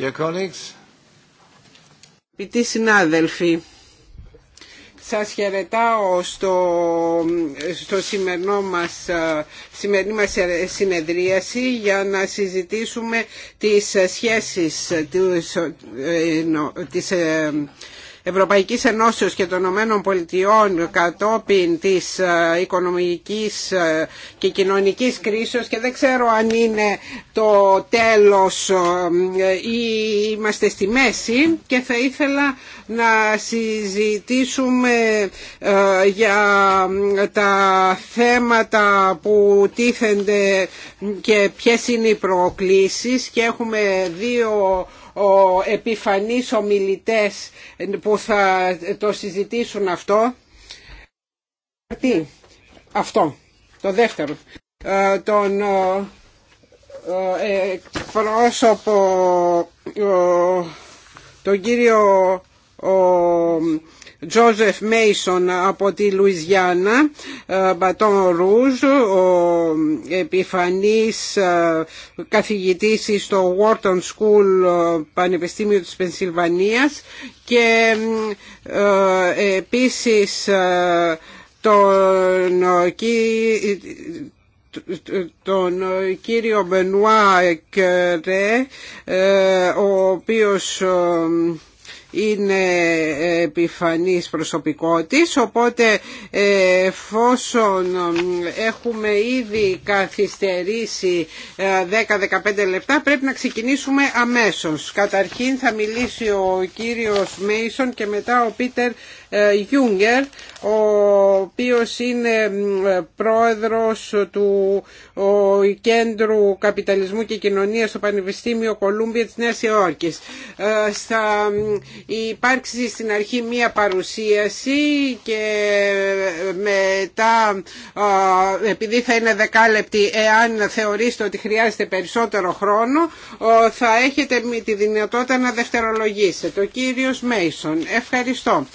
Dear colleagues. συνάδελφοι, σας χαιρετάω στο, στο σημερινό μας, σημερινή μας συνεδρίαση για να συζητήσουμε τις σχέσεις της, ε, της ε, Ευρωπαϊκής Ενώσεως και των Ηνωμένων Πολιτειών κατόπιν της ε, οικονομικής ε, και κοινωνικής κρίσεως και δεν ξέρω αν είναι το τέλος ε, ή είμαστε στη μέση και θα ήθελα να συζητήσουμε για τα θέματα που τίθενται και ποιες είναι οι προκλήσεις και έχουμε δύο ο επιφανείς ομιλητές που θα το συζητήσουν αυτό. Τι, αυτό, το δεύτερο, ε, τον ε, ε, πρόσωπο, τον κύριο Τζόζεφ Μέισον από τη Λουιζιάννα, Μπατόν ε, Ρούζ, ο επιφανής ε, καθηγητής στο Wharton School ε, Πανεπιστήμιο της Πενσιλβανίας και επίσης τον, τον κύριο Μπενουά Κερέ, ο οποίος είναι επιφανής προσωπικό οπότε ε, εφόσον έχουμε ήδη καθυστερήσει 10-15 ε, λεπτά πρέπει να ξεκινήσουμε αμέσως. Καταρχήν θα μιλήσει ο κύριος Μέισον και μετά ο Πίτερ Γιούγκερ, ο οποίος είναι πρόεδρος του Κέντρου Καπιταλισμού και Κοινωνίας στο Πανεπιστήμιο Κολούμπια της Νέας Υόρκης. Ε, θα υπάρξει στην αρχή μία παρουσίαση και μετά, επειδή θα είναι δεκάλεπτη, εάν θεωρήσετε ότι χρειάζεται περισσότερο χρόνο, θα έχετε τη δυνατότητα να δευτερολογήσετε. Ο κύριος Μέισον, ευχαριστώ.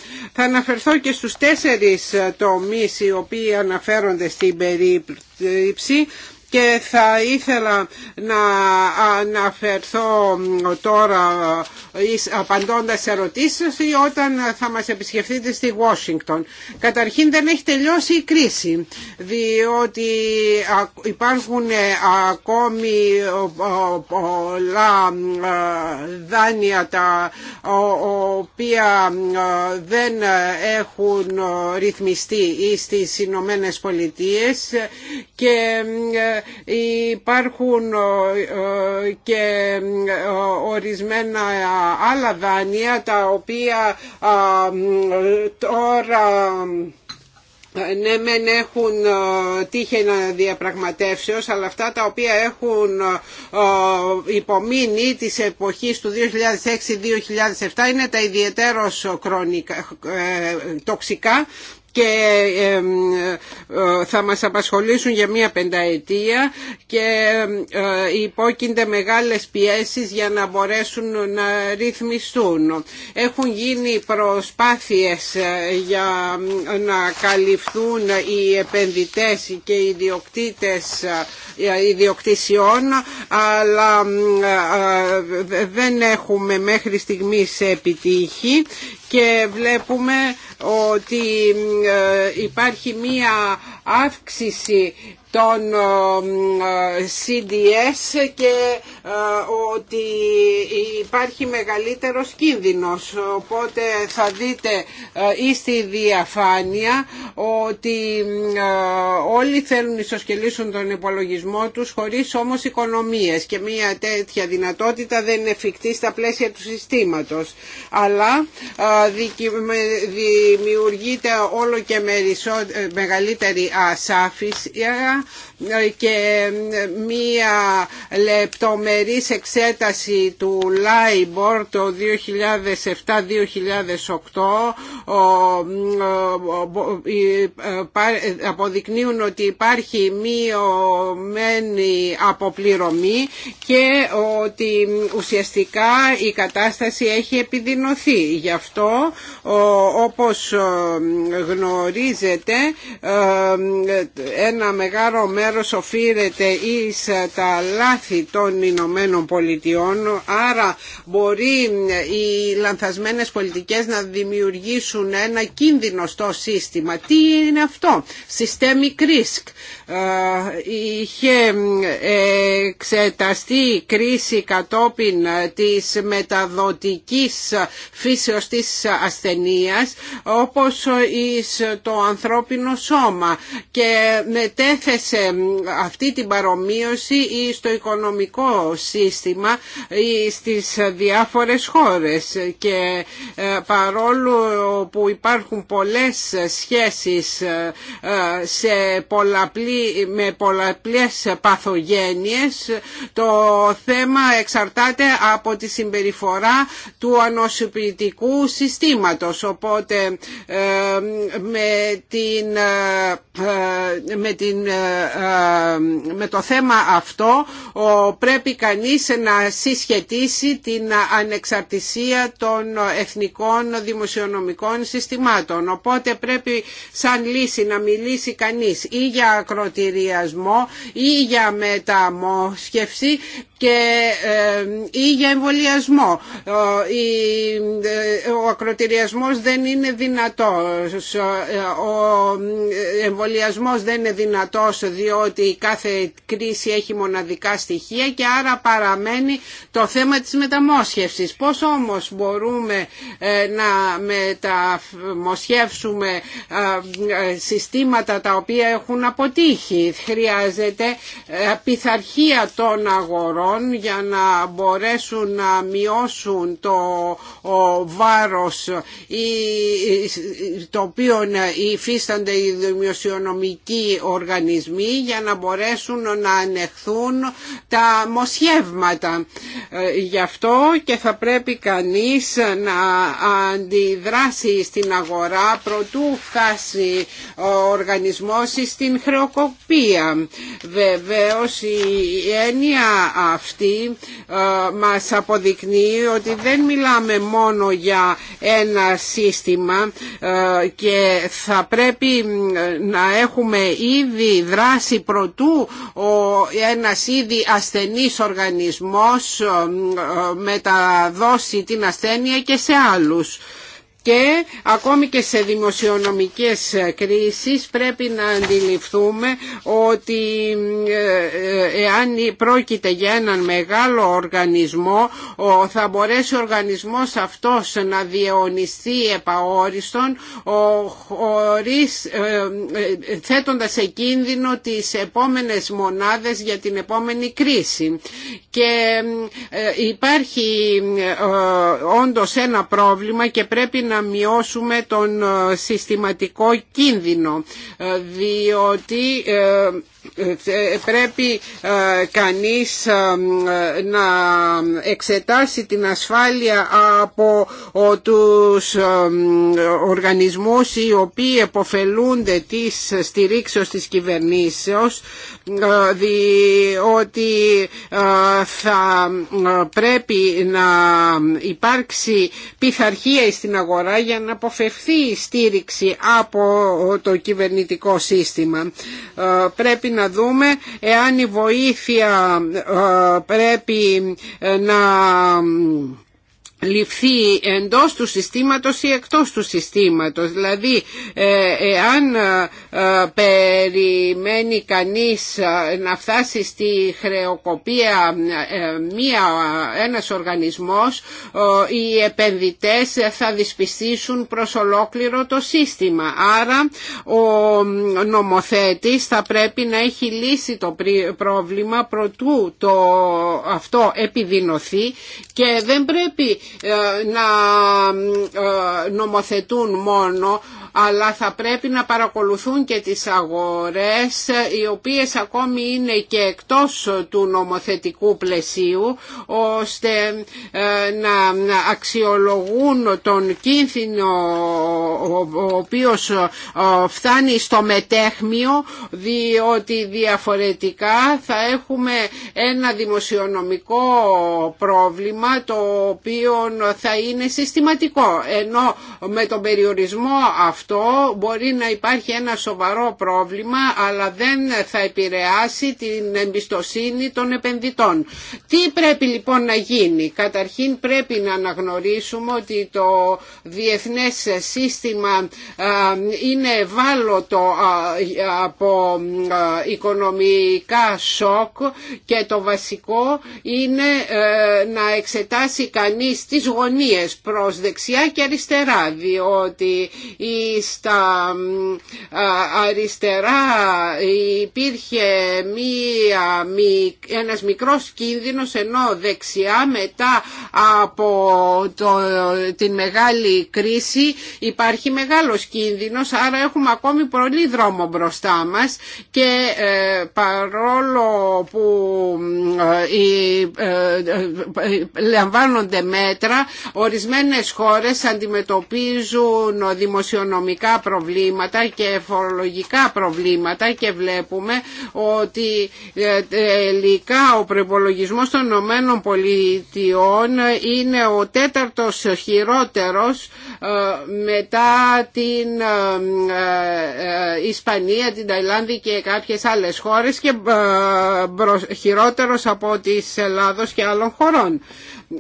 Θα αναφερθώ και στους τέσσερις τομείς οι οποίοι αναφέρονται στην περίπτωση και θα ήθελα να αναφερθώ τώρα απαντώντας σε ερωτήσεις όταν θα μας επισκεφτείτε στη Washington. Καταρχήν δεν έχει τελειώσει η κρίση διότι υπάρχουν ακόμη πολλά δάνεια τα οποία δεν έχουν ρυθμιστεί στις Ηνωμένε Πολιτείες και υπάρχουν ε, ε, και ε, ορισμένα άλλα δάνεια τα οποία τώρα ναι μεν έχουν τύχει ένα διαπραγματεύσεως αλλά αυτά τα οποία έχουν υπομείνει της εποχής του 2006-2007 είναι τα ιδιαίτερως τοξικά και ε, θα μας απασχολήσουν για μία πενταετία και ε, υπόκεινται μεγάλες πιέσεις για να μπορέσουν να ρυθμιστούν. Έχουν γίνει προσπάθειες ε, για να καλυφθούν οι επενδυτές και οι ιδιοκτήτες ιδιοκτησιών αλλά δεν έχουμε μέχρι στιγμής επιτύχει και βλέπουμε ότι ε, υπάρχει μία αύξηση των CDS και ότι υπάρχει μεγαλύτερος κίνδυνος. Οπότε θα δείτε ε, ή στη διαφάνεια ότι ε, όλοι θέλουν να ισοσκελίσουν τον υπολογισμό τους χωρίς όμως οικονομίες και μια τέτοια δυνατότητα δεν είναι εφικτή στα πλαίσια του συστήματος. Αλλά ε, δημιουργείται όλο και μεγαλύτερη ασάφηση και μία λεπτομερής εξέταση του ΛΑΙΜΠΟΡ το 2007-2008 αποδεικνύουν ότι υπάρχει μειωμένη αποπληρωμή και ότι ουσιαστικά η κατάσταση έχει επιδεινωθεί. Γι' αυτό όπως γνωρίζετε ένα μεγάλο Μέρο μέρος οφείλεται εις ε, τα λάθη των Ηνωμένων Πολιτειών άρα μπορεί ε, οι λανθασμένες πολιτικές να δημιουργήσουν ένα κίνδυνο στο σύστημα. Τι είναι αυτό? Systemic risk. Ε, είχε εξεταστεί η κρίση κατόπιν της μεταδοτικής φύσεως της ασθενείας όπως εις το ανθρώπινο σώμα και μετέθεσε σε αυτή την παρομοίωση ή στο οικονομικό σύστημα ή στις διάφορες χώρες και ε, παρόλο που υπάρχουν πολλές σχέσεις ε, σε πολλαπλή, με πολλαπλές παθογένειες το θέμα εξαρτάται από τη συμπεριφορά του ανοσοποιητικού συστήματος οπότε ε, με την, με την ε, ε, με το θέμα αυτό πρέπει κανείς να συσχετίσει την ανεξαρτησία των εθνικών δημοσιονομικών συστημάτων. Οπότε πρέπει σαν λύση να μιλήσει κανείς ή για ακροτηριασμό ή για μεταμόσχευση και, ή για εμβολιασμό. Ε, ο ακροτηριασμός δεν είναι δυνατός. Ο ε, εμβολιασμός δεν είναι δυνατός διότι η κάθε κρίση έχει μοναδικά στοιχεία και άρα παραμένει το θέμα της μεταμόσχευσης. Πώς όμως μπορούμε ε, να μεταμοσχεύσουμε συστήματα τα οποία έχουν αποτύχει. Χρειάζεται πειθαρχία των αγορών Λοιπόν για να μπορέσουν να μειώσουν το βάρος το οποίο υφίστανται οι δημοσιονομικοί οργανισμοί για να μπορέσουν να ανεχθούν τα μοσχεύματα. Ε, γι' αυτό και θα πρέπει κανείς να αντιδράσει στην αγορά προτού φτάσει ο οργανισμός στην χρεοκοπία. Βεβαίως η έννοια αυτή ε, μας αποδεικνύει ότι δεν μιλάμε μόνο για ένα σύστημα ε, και θα πρέπει να έχουμε ήδη δράση προτού ο ένας ήδη ασθενής οργανισμός ε, μεταδώσει την ασθένεια και σε άλλους και ακόμη και σε δημοσιονομικές κρίσεις πρέπει να αντιληφθούμε ότι ε, ε, εάν πρόκειται για έναν μεγάλο οργανισμό θα μπορέσει ο οργανισμός αυτός να διαιωνιστεί επαόριστον χωρίς, ε, θέτοντας σε κίνδυνο τις επόμενες μονάδες για την επόμενη κρίση και υπάρχει όντως ένα πρόβλημα και πρέπει να να μειώσουμε τον ε, συστηματικό κίνδυνο ε, διότι ε, ε, πρέπει ε, κανείς ε, να εξετάσει την ασφάλεια από τους οργανισμούς οι οποίοι εποφελούνται της στηρίξεως της κυβερνήσεως διότι θα πρέπει να υπάρξει πειθαρχία στην αγορά για να αποφευθεί η στήριξη από το κυβερνητικό σύστημα. Πρέπει να δούμε εάν η βοήθεια ε, πρέπει ε, να ληφθεί εντός του συστήματος ή εκτός του συστήματος. Δηλαδή, ε, εάν ε, περιμένει κανείς ε, να φτάσει στη χρεοκοπία ε, μία, ένας οργανισμός οι επενδυτές θα δυσπιστήσουν προς ολόκληρο το σύστημα. Άρα ο νομοθέτης θα πρέπει να έχει λύσει το πρόβλημα προτού το αυτό επιδεινωθεί και δεν πρέπει να νομοθετούν μόνο αλλά θα πρέπει να παρακολουθούν και τις αγορές οι οποίες ακόμη είναι και εκτός του νομοθετικού πλαισίου ώστε ε, να αξιολογούν τον κίνδυνο ο οποίος ε, φτάνει στο μετέχμιο διότι διαφορετικά θα έχουμε ένα δημοσιονομικό πρόβλημα το οποίο θα είναι συστηματικό ενώ με τον περιορισμό αυτό αυτό μπορεί να υπάρχει ένα σοβαρό πρόβλημα αλλά δεν θα επηρεάσει την εμπιστοσύνη των επενδυτών. Τι πρέπει λοιπόν να γίνει. Καταρχήν πρέπει να αναγνωρίσουμε ότι το διεθνές σύστημα είναι ευάλωτο από οικονομικά σοκ και το βασικό είναι ε, να εξετάσει κανείς τις γωνίες προς δεξιά και αριστερά διότι η στα αριστερά υπήρχε μία, ένας μικρός κίνδυνος ενώ δεξιά μετά από το, την μεγάλη κρίση υπάρχει μεγάλος κίνδυνος άρα έχουμε ακόμη πολύ δρόμο μπροστά μας και ε, παρόλο που ε, ε, ε, λαμβάνονται μέτρα ορισμένες χώρες αντιμετωπίζουν δημοσιονομικά οικονομικά προβλήματα και φορολογικά προβλήματα και βλέπουμε ότι ε, τελικά ο προπολογισμός των Ηνωμένων Πολιτειών είναι ο τέταρτος χειρότερος ε, μετά την ε, Ισπανία, την Ταϊλάνδη και κάποιες άλλες χώρες και χειρότερος από της Ελλάδος και άλλων χωρών.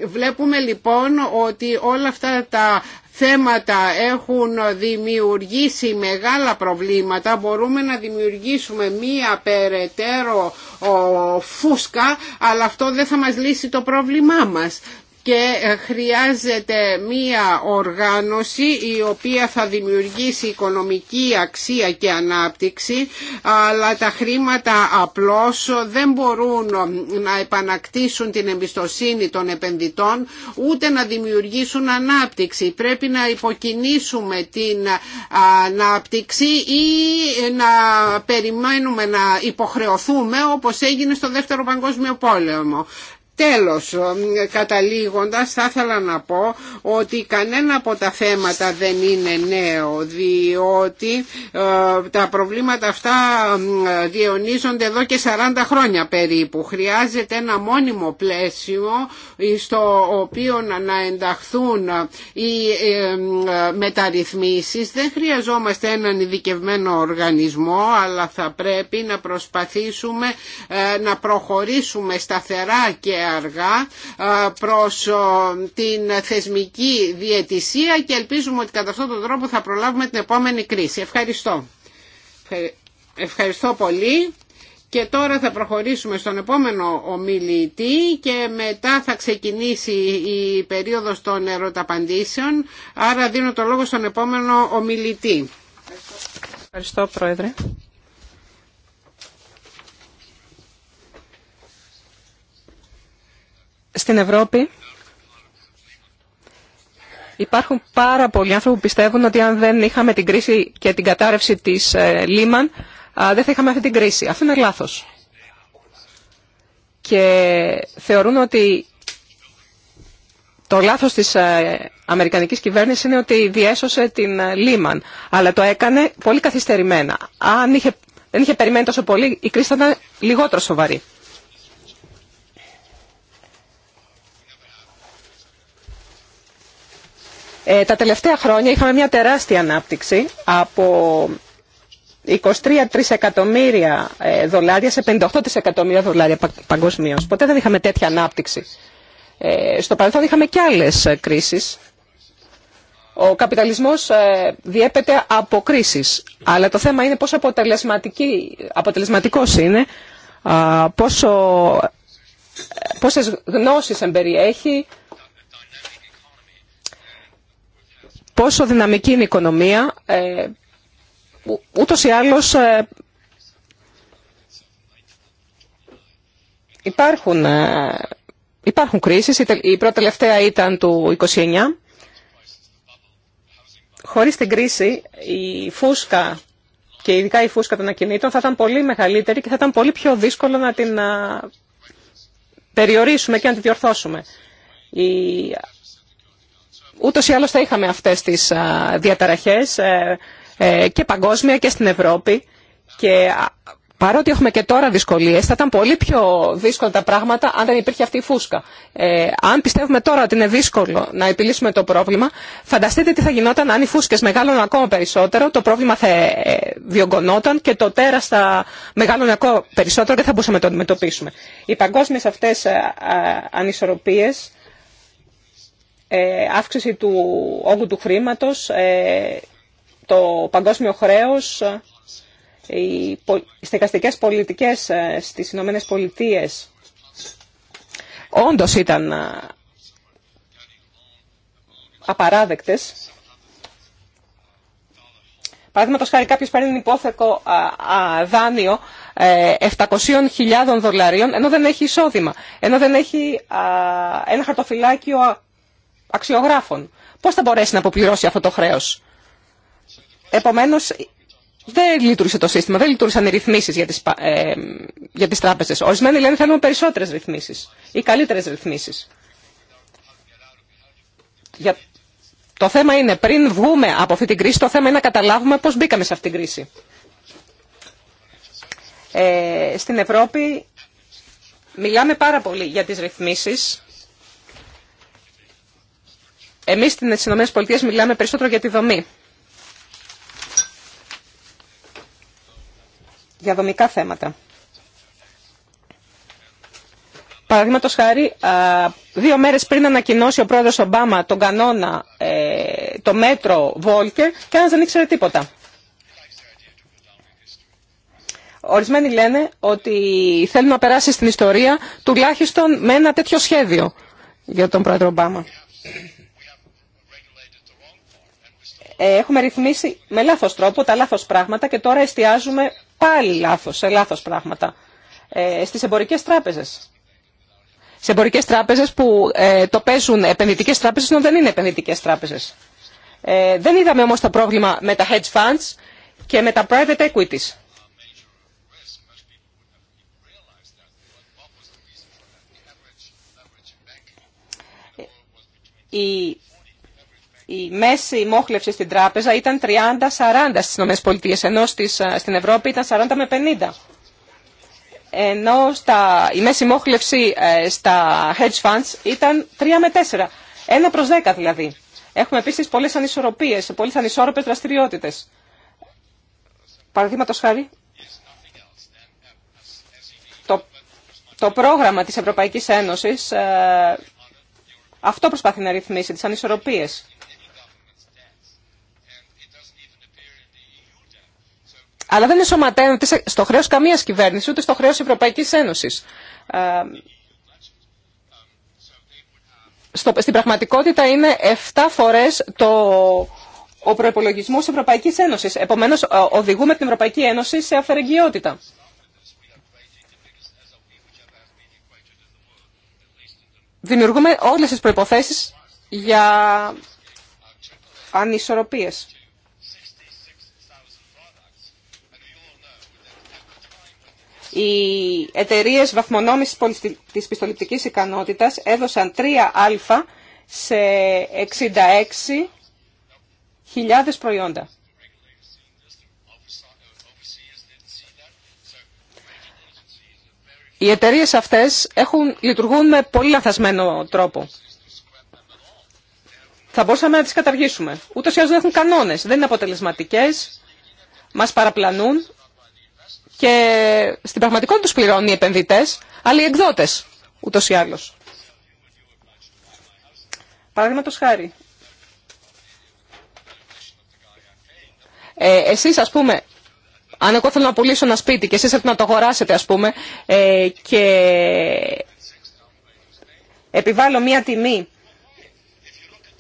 Βλέπουμε λοιπόν ότι όλα αυτά τα θέματα έχουν δημιουργήσει μεγάλα προβλήματα μπορούμε να δημιουργήσουμε μία περαιτέρω φούσκα αλλά αυτό δεν θα μας λύσει το πρόβλημά μας και ε, χρειάζεται μία οργάνωση η οποία θα δημιουργήσει οικονομική αξία και ανάπτυξη αλλά τα χρήματα απλώς δεν μπορούν να επανακτήσουν την εμπιστοσύνη των επενδυτών ούτε να δημιουργήσουν ανάπτυξη. Πρέπει να υποκινήσουμε την ε, ανάπτυξη ή να περιμένουμε να υποχρεωθούμε όπως έγινε στο Δεύτερο Παγκόσμιο Πόλεμο. Τέλος, καταλήγοντας θα ήθελα να πω ότι κανένα από τα θέματα δεν είναι νέο διότι ε, τα προβλήματα αυτά διαιωνίζονται εδώ και 40 χρόνια περίπου. Χρειάζεται ένα μόνιμο πλαίσιο στο οποίο να ενταχθούν οι ε, μεταρρυθμίσεις. Δεν χρειαζόμαστε έναν ειδικευμένο οργανισμό αλλά θα πρέπει να προσπαθήσουμε ε, να προχωρήσουμε σταθερά και αργά ε, προς ε, την θεσμική διαιτησία και ελπίζουμε ότι κατά αυτόν τον τρόπο θα προλάβουμε την επόμενη κρίση. Ευχαριστώ. Ευχαριστώ πολύ. Και τώρα θα προχωρήσουμε στον επόμενο ομιλητή και μετά θα ξεκινήσει η περίοδος των ερωταπαντήσεων. Άρα δίνω το λόγο στον επόμενο ομιλητή. Ευχαριστώ Πρόεδρε. Στην Ευρώπη υπάρχουν πάρα πολλοί άνθρωποι που πιστεύουν ότι αν δεν είχαμε την κρίση και την κατάρρευση της ε, Λίμαν, δεν θα είχαμε αυτή την κρίση. Αυτό είναι λάθος. Και θεωρούν ότι το λάθος της ε, Αμερικανικής κυβέρνησης είναι ότι διέσωσε την ε, Λίμαν, αλλά το έκανε πολύ καθυστερημένα. Αν είχε, δεν είχε περιμένει τόσο πολύ, η κρίση θα ήταν λιγότερο σοβαρή. Ε, τα τελευταία χρόνια είχαμε μια τεράστια ανάπτυξη από 23 ε, τρισεκατομμύρια δολάρια σε 58 τρισεκατομμύρια δολάρια παγκοσμίω. Ποτέ δεν είχαμε τέτοια ανάπτυξη. Ε, στο παρελθόν είχαμε και άλλες κρίσεις. Ο καπιταλισμός διέπεται από κρίσεις. Αλλά το θέμα είναι πόσο αποτελεσματικό είναι, πόσε γνώσει γνώσεις εμπεριέχει, πόσο δυναμική είναι η οικονομία, ε, ούτως ή άλλως ε, υπάρχουν, ε, υπάρχουν κρίσεις. Η, πρώτη τελευταία ήταν του 29. Χωρίς την κρίση η φούσκα και ειδικά η φούσκα των ακινήτων θα ήταν πολύ μεγαλύτερη και θα ήταν πολύ πιο δύσκολο να την περιορίσουμε και να τη διορθώσουμε. Η Ούτως ή άλλως θα είχαμε αυτές τις διαταραχές ε, ε, και παγκόσμια και στην Ευρώπη και παρότι έχουμε και τώρα δυσκολίες θα ήταν πολύ πιο δύσκολα τα πράγματα αν δεν υπήρχε αυτή η φούσκα. Ε, αν πιστεύουμε τώρα ότι είναι δύσκολο να επιλύσουμε το πρόβλημα, φανταστείτε τι θα γινόταν αν οι φούσκες μεγάλωναν ακόμα περισσότερο, το πρόβλημα θα διωγγωνόταν και το τέρας θα μεγάλωνε ακόμα περισσότερο και θα μπορούσαμε να το αντιμετωπίσουμε. Οι παγκόσμιες αυτές ανισορροπίες ε, αύξηση του όγκου του χρήματος, ε, το παγκόσμιο χρέος, ε, οι στεγαστικές πολιτικές στις Ηνωμένε Πολιτείε όντως ήταν απαράδεκτες. Παραδείγματος χάρη κάποιος παίρνει υπόθεκο δάνειο 700.000 δολαρίων ενώ δεν έχει εισόδημα, ενώ δεν έχει ένα χαρτοφυλάκιο αξιογράφων. Πώς θα μπορέσει να αποπληρώσει αυτό το χρέο. Επομένω, δεν λειτουργήσε το σύστημα, δεν λειτουργήσαν οι ρυθμίσει για τι ε, για τράπεζες. Ορισμένοι λένε θέλουμε περισσότερες ρυθμίσεις ή καλύτερε ρυθμίσει. Για... Το θέμα είναι, πριν βγούμε από αυτή την κρίση, το θέμα είναι να καταλάβουμε πώς μπήκαμε σε αυτή την κρίση. Ε, στην Ευρώπη μιλάμε πάρα πολύ για τις ρυθμίσεις εμείς στι ΗΠΑ μιλάμε περισσότερο για τη δομή. Για δομικά θέματα. Παραδείγματο χάρη, δύο μέρε πριν ανακοινώσει ο πρόεδρο Ομπάμα τον κανόνα, ε, το μέτρο Βόλκερ, και ένα δεν ήξερε τίποτα. Ορισμένοι λένε ότι θέλουν να περάσει στην ιστορία τουλάχιστον με ένα τέτοιο σχέδιο για τον πρόεδρο Ομπάμα. Ε, έχουμε ρυθμίσει με λάθος τρόπο τα λάθος πράγματα και τώρα εστιάζουμε πάλι λάθος, σε λάθος πράγματα ε, στις εμπορικές τράπεζες. Σε εμπορικές τράπεζες που ε, το παίζουν επενδυτικές τράπεζες, ενώ δεν είναι επενδυτικές τράπεζες. Ε, δεν είδαμε όμως το πρόβλημα με τα hedge funds και με τα private equities η μέση μόχλευση στην τράπεζα ήταν 30-40 στις ΗΠΑ, ενώ ε, στην Ευρώπη ήταν 40 με 50. Ενώ στα, η μέση μόχλευση ε, στα hedge funds ήταν 3 με 4. 1 προς 10 δηλαδή. Έχουμε επίσης πολλές ανισορροπίες, πολλές ανισόρροπες δραστηριότητες. Παραδείγματος χάρη, το, το πρόγραμμα της Ευρωπαϊκής Ένωσης ε, αυτό προσπαθεί να ρυθμίσει τις ανισορροπίες. αλλά δεν ούτε στο χρέος καμίας κυβέρνηση, ούτε στο χρέος Ευρωπαϊκής Ένωσης. Ε, στην πραγματικότητα είναι 7 φορές το, ο προπολογισμό Ευρωπαϊκής Ευρωπαϊκή Ένωση. Επομένω, ε, οδηγούμε την Ευρωπαϊκή Ένωση σε αφαιρεγγιότητα. Δημιουργούμε όλες τις προϋποθέσεις για ανισορροπίες. Οι εταιρείε βαθμονόμησης της πιστοληπτικής ικανότητας έδωσαν 3α σε 66.000 προϊόντα. Οι εταιρείε αυτές έχουν, λειτουργούν με πολύ λαθασμένο τρόπο. Θα μπορούσαμε να τις καταργήσουμε. Ούτως ή δεν έχουν κανόνες, δεν είναι αποτελεσματικές, μας παραπλανούν και στην πραγματικότητα τους πληρώνουν οι επενδυτές, αλλά οι εκδότες ούτως ή άλλως. Παραδείγματο χάρη. Ε, εσείς ας πούμε, αν εγώ θέλω να πουλήσω ένα σπίτι και εσείς θέλετε να το αγοράσετε ας πούμε ε, και επιβάλλω μία τιμή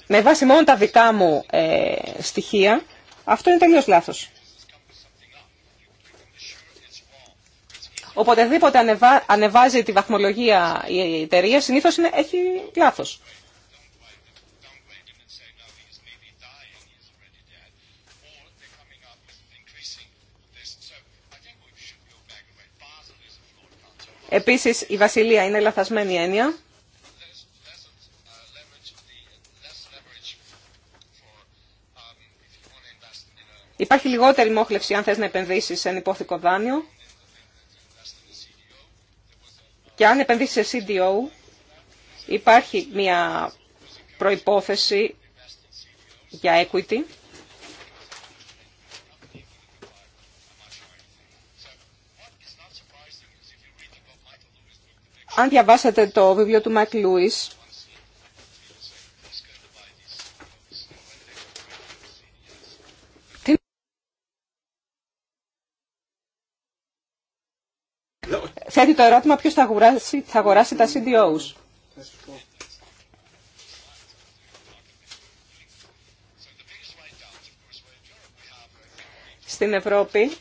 με βάση μόνο τα δικά μου ε, στοιχεία, αυτό είναι τελείως λάθος. Οποτεδήποτε ανεβα... ανεβάζει τη βαθμολογία η εταιρεία, συνήθω είναι... έχει λάθο. Επίσης, η βασιλεία είναι λαθασμένη έννοια. Υπάρχει λιγότερη μόχλευση αν θες να επενδύσεις σε ένα υπόθηκο δάνειο. Και αν επενδύσει σε CDO, υπάρχει μια προϋπόθεση για equity. Αν διαβάσατε το βιβλίο του Μάικ Λούις, θέτει το ερώτημα ποιος θα αγοράσει, θα αγοράσει τα CDOs. Στην Ευρώπη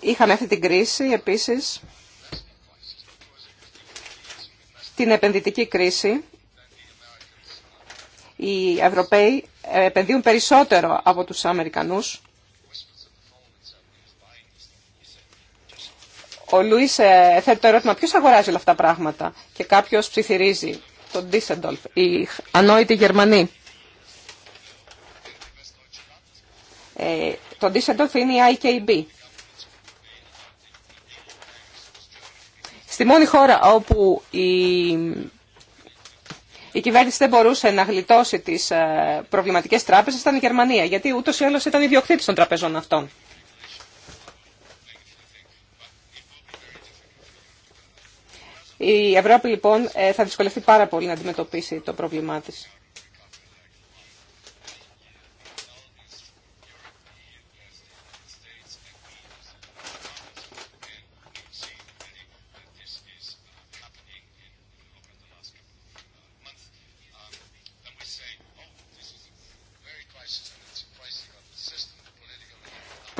Είχαμε αυτή την κρίση επίσης στην επενδυτική κρίση οι Ευρωπαίοι επενδύουν περισσότερο από τους Αμερικανούς. Ο Λουίς ε, θέτει το ερώτημα ποιος αγοράζει όλα αυτά τα πράγματα και κάποιος ψιθυρίζει τον Ντίσεντολφ, οι ανόητοι Γερμανοί. Ε, το Ντίσεντολφ είναι η IKB. Στη μόνη χώρα όπου η, η κυβέρνηση δεν μπορούσε να γλιτώσει τις ε, προβληματικές τράπεζες ήταν η Γερμανία, γιατί ούτως ή άλλως ήταν ιδιοκτήτης των τραπεζών αυτών. Η Ευρώπη λοιπόν ε, θα δυσκολευτεί πάρα πολύ να αντιμετωπίσει το πρόβλημά της.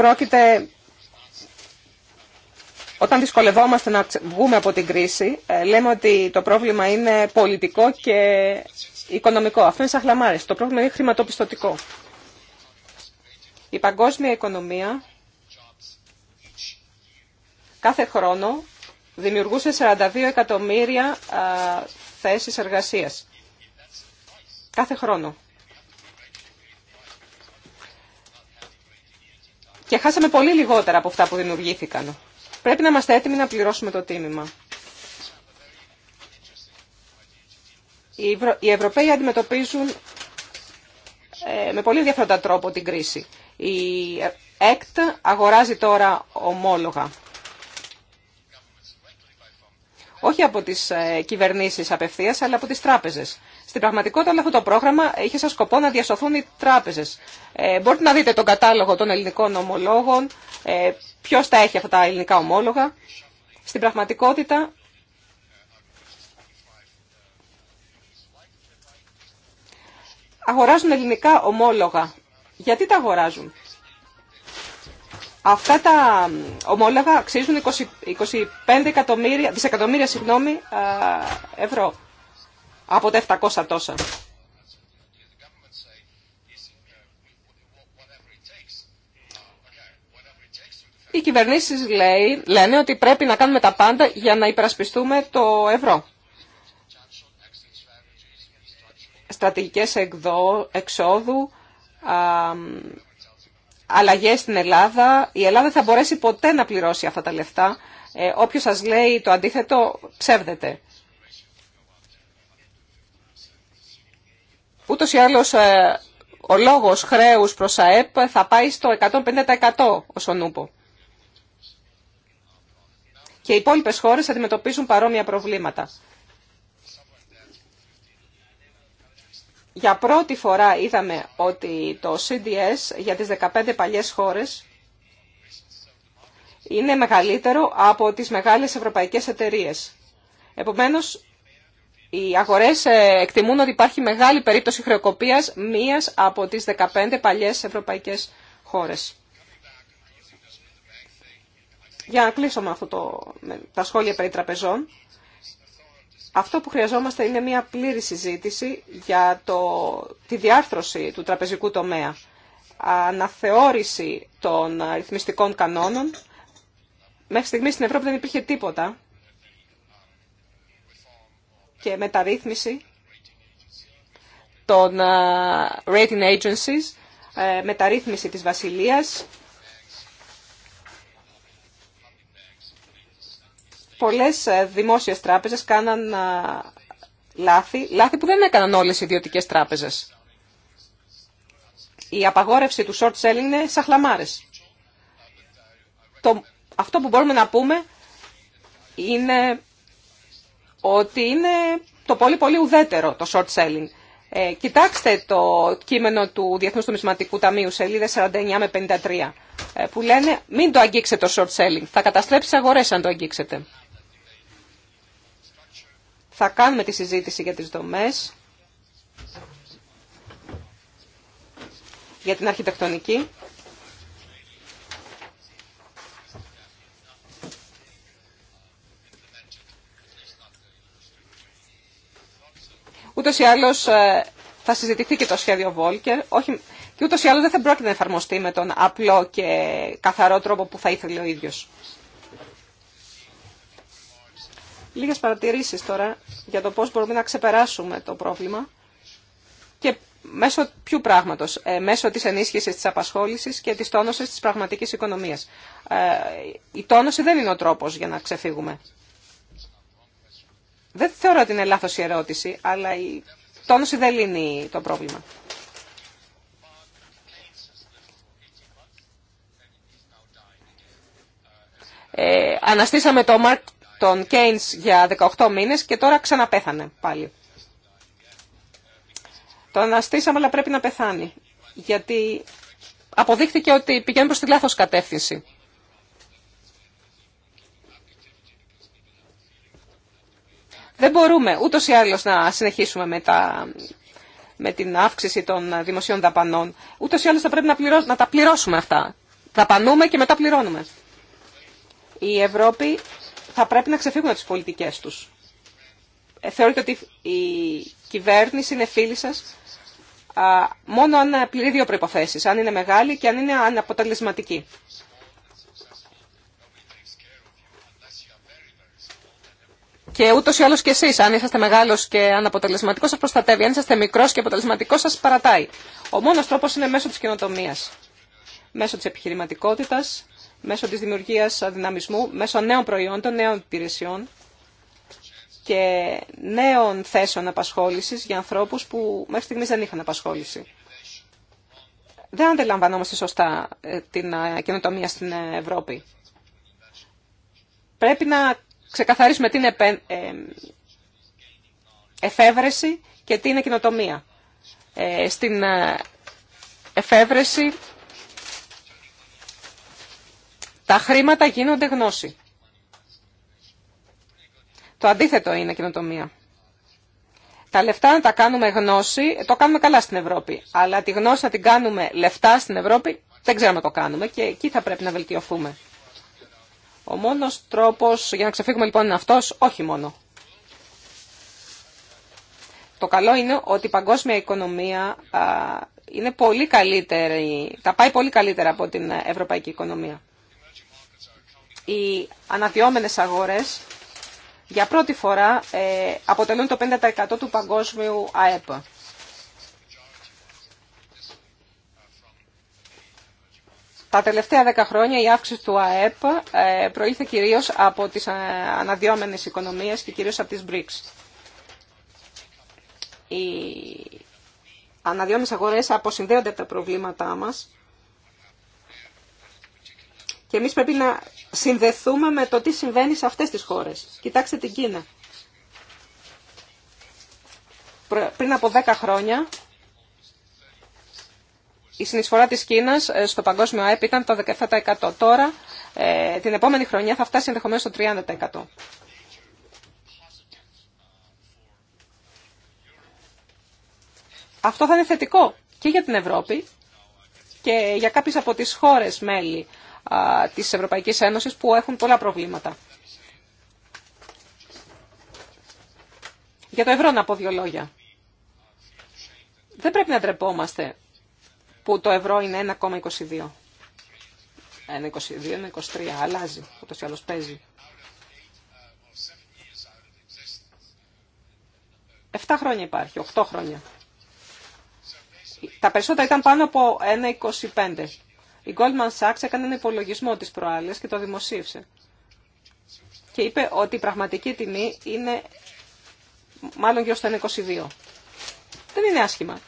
πρόκειται όταν δυσκολευόμαστε να βγούμε από την κρίση, ε, λέμε ότι το πρόβλημα είναι πολιτικό και οικονομικό. Αυτό είναι σαν Το πρόβλημα είναι χρηματοπιστωτικό. Η παγκόσμια οικονομία κάθε χρόνο δημιουργούσε 42 εκατομμύρια θέσεις εργασίας. Κάθε χρόνο. και χάσαμε πολύ λιγότερα από αυτά που δημιουργήθηκαν. Πρέπει να είμαστε έτοιμοι να πληρώσουμε το τίμημα. Οι Ευρωπαίοι αντιμετωπίζουν ε, με πολύ διαφορετικό τρόπο την κρίση. Η ΕΚΤ αγοράζει τώρα ομόλογα. Όχι από τις ε, κυβερνήσεις απευθείας, αλλά από τις τράπεζες. Στην πραγματικότητα όλο αυτό το πρόγραμμα είχε σαν σκοπό να διασωθούν οι τράπεζες. Ε, μπορείτε να δείτε τον κατάλογο των ελληνικών ομολόγων, ε, ποιος τα έχει αυτά τα ελληνικά ομόλογα. Στην πραγματικότητα αγοράζουν ελληνικά ομόλογα. Γιατί τα αγοράζουν. Αυτά τα ομόλογα αξίζουν 20, 25 δισεκατομμύρια συγγνώμη, ευρώ από τα 700 τόσα. Οι κυβερνήσει λένε ότι πρέπει να κάνουμε τα πάντα για να υπερασπιστούμε το ευρώ. Στρατηγικέ εξόδου, αλλαγέ αλλαγές στην Ελλάδα. Η Ελλάδα δεν θα μπορέσει ποτέ να πληρώσει αυτά τα λεφτά. Ε, όποιος σας λέει το αντίθετο ψεύδεται. ούτως ή άλλως ε, ο λόγος χρέους προς ΑΕΠ θα πάει στο 150% όσον ούπο. Και οι υπόλοιπε χώρες αντιμετωπίζουν παρόμοια προβλήματα. Για πρώτη φορά είδαμε ότι το CDS για τις 15 παλιές χώρες είναι μεγαλύτερο από τις μεγάλες ευρωπαϊκές εταιρείες. Επομένως, οι αγορέ ε, εκτιμούν ότι υπάρχει μεγάλη περίπτωση χρεοκοπίας μίας από τις 15 παλιέ ευρωπαϊκές χώρες. Για να κλείσω με, αυτό το, με τα σχόλια περί τραπεζών, αυτό που χρειαζόμαστε είναι μια πλήρη συζήτηση για το, τη διάρθρωση του τραπεζικού τομέα. Αναθεώρηση των ρυθμιστικών κανόνων. Μέχρι στιγμή στην Ευρώπη δεν υπήρχε τίποτα και μεταρρύθμιση των ε, rating agencies, ε, μεταρρύθμιση της Βασιλείας. Πολλές ε, δημόσιες τράπεζες κάναν λάθη, λάθη που δεν έκαναν όλες οι ιδιωτικές τράπεζες. Η απαγόρευση του short selling είναι σαχλαμάρες. Το, αυτό που μπορούμε να πούμε είναι ότι είναι το πολύ πολύ ουδέτερο το short selling. Ε, κοιτάξτε το κείμενο του Διεθνούς Νομισματικού Ταμείου, σελίδες 49 με 53, ε, που λένε μην το αγγίξετε το short selling, θα καταστρέψει αγορές αν το αγγίξετε. Θα κάνουμε τη συζήτηση για τις δομές, για την αρχιτεκτονική. Ούτως ή άλλω ε, θα συζητηθεί και το σχέδιο Βόλκερ, όχι, και ούτως ή άλλω δεν θα πρόκειται να εφαρμοστεί με τον απλό και καθαρό τρόπο που θα ήθελε ο ίδιος. Λίγες παρατηρήσεις τώρα για το πώς μπορούμε να ξεπεράσουμε το πρόβλημα και μέσω ποιου πράγματος, ε, μέσω της ενίσχυσης της απασχόλησης και της τόνωσης της πραγματικής οικονομίας. Ε, η τόνωση δεν είναι ο τρόπος για να ξεφύγουμε. Δεν θεωρώ ότι είναι λάθος η ερώτηση, αλλά η τόνωση δεν λύνει το πρόβλημα. Ε, αναστήσαμε το Mark τον Keynes για 18 μήνες και τώρα ξαναπέθανε πάλι. Το αναστήσαμε αλλά πρέπει να πεθάνει, γιατί αποδείχθηκε ότι πηγαίνει προς τη λάθος κατεύθυνση. Δεν μπορούμε ούτως ή άλλως να συνεχίσουμε με, τα, με την αύξηση των δημοσίων δαπανών. Ούτως ή άλλως θα πρέπει να, να τα πληρώσουμε αυτά. Δαπανούμε και μετά πληρώνουμε. Η Ευρώπη θα πρέπει να ξεφύγουν από τις πολιτικές τους. Ε, θεωρείτε ότι η κυβέρνηση είναι φίλη σας μόνο αν πληρεί δύο προϋποθέσεις. Αν είναι μεγάλη και αν είναι αναποτελεσματική. Και ούτω ή άλλω και εσεί, αν είσαστε μεγάλο και αναποτελεσματικό, σα προστατεύει. Αν είσαστε μικρό και αποτελεσματικό, σα παρατάει. Ο μόνο τρόπο είναι μέσω τη καινοτομία. Μέσω τη επιχειρηματικότητα, μέσω τη δημιουργία δυναμισμού, μέσω νέων προϊόντων, νέων υπηρεσιών και νέων θέσεων απασχόληση για ανθρώπου που μέχρι στιγμή δεν είχαν απασχόληση. Δεν αντιλαμβανόμαστε σωστά ε, την ε, καινοτομία στην Ευρώπη. Πρέπει να ξεκαθαρίσουμε τι είναι ε, εφεύρεση και τι είναι κοινοτομία. Ε, στην ε, εφεύρεση τα χρήματα γίνονται γνώση. Το αντίθετο είναι κοινοτομία. Τα λεφτά να τα κάνουμε γνώση, το κάνουμε καλά στην Ευρώπη. Αλλά τη γνώση να την κάνουμε λεφτά στην Ευρώπη, δεν ξέρουμε να το κάνουμε και εκεί θα πρέπει να βελτιωθούμε. Ο μόνος τρόπος για να ξεφύγουμε λοιπόν είναι αυτός, όχι μόνο. Το καλό είναι ότι η παγκόσμια οικονομία είναι πολύ καλύτερη, τα πάει πολύ καλύτερα από την ευρωπαϊκή οικονομία. Οι αναδυόμενες αγορές για πρώτη φορά ε, αποτελούν το 50% του παγκόσμιου ΑΕΠ. Τα τελευταία δέκα χρόνια η αύξηση του ΑΕΠ ε, προήλθε κυρίως από τις ε, αναδυόμενες οικονομίες και κυρίως από τις BRICS. Οι αναδυόμενες αγορές αποσυνδέονται από τα προβλήματά μας και εμείς πρέπει να συνδεθούμε με το τι συμβαίνει σε αυτές τις χώρες. Κοιτάξτε την Κίνα. Πριν από 10 χρόνια η συνεισφορά της Κίνας ε, στο παγκόσμιο ΑΕΠ ήταν το 17%. Τώρα, ε, την επόμενη χρονιά θα φτάσει ενδεχομένως στο 30%. Αυτό θα είναι θετικό και για την Ευρώπη και για κάποιες από τις χώρες μέλη της Ευρωπαϊκής Ένωσης που έχουν πολλά προβλήματα. Για το ευρώ να πω δύο λόγια. Δεν πρέπει να ντρεπόμαστε που το ευρώ είναι 1,22. 1,22, 1,23, αλλάζει, ούτως ή άλλως παίζει. 7 χρόνια υπάρχει, 8 χρόνια. Τα περισσότερα ήταν πάνω από 1,25. Η Goldman Sachs έκανε ένα υπολογισμό της προάλλης και το δημοσίευσε. Και είπε ότι η πραγματική τιμή είναι μάλλον γύρω στο 1,22. Δεν είναι άσχημα.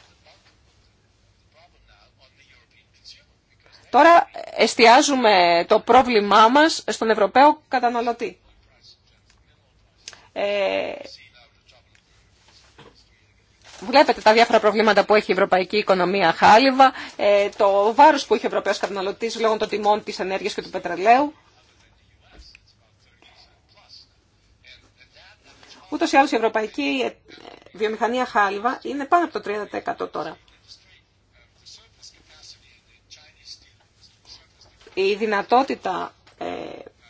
Τώρα εστιάζουμε το πρόβλημά μας στον Ευρωπαίο καταναλωτή. Ε, βλέπετε τα διάφορα προβλήματα που έχει η ευρωπαϊκή οικονομία χάλιβα, ε, το βάρος που έχει ο Ευρωπαίος καταναλωτής λόγω των τιμών της ενέργειας και του πετρελαίου. Ούτως ή άλλως η ευρωπαϊκή ε, βιομηχανία χάλιβα είναι πάνω από το 30% τώρα. η δυνατότητα ε,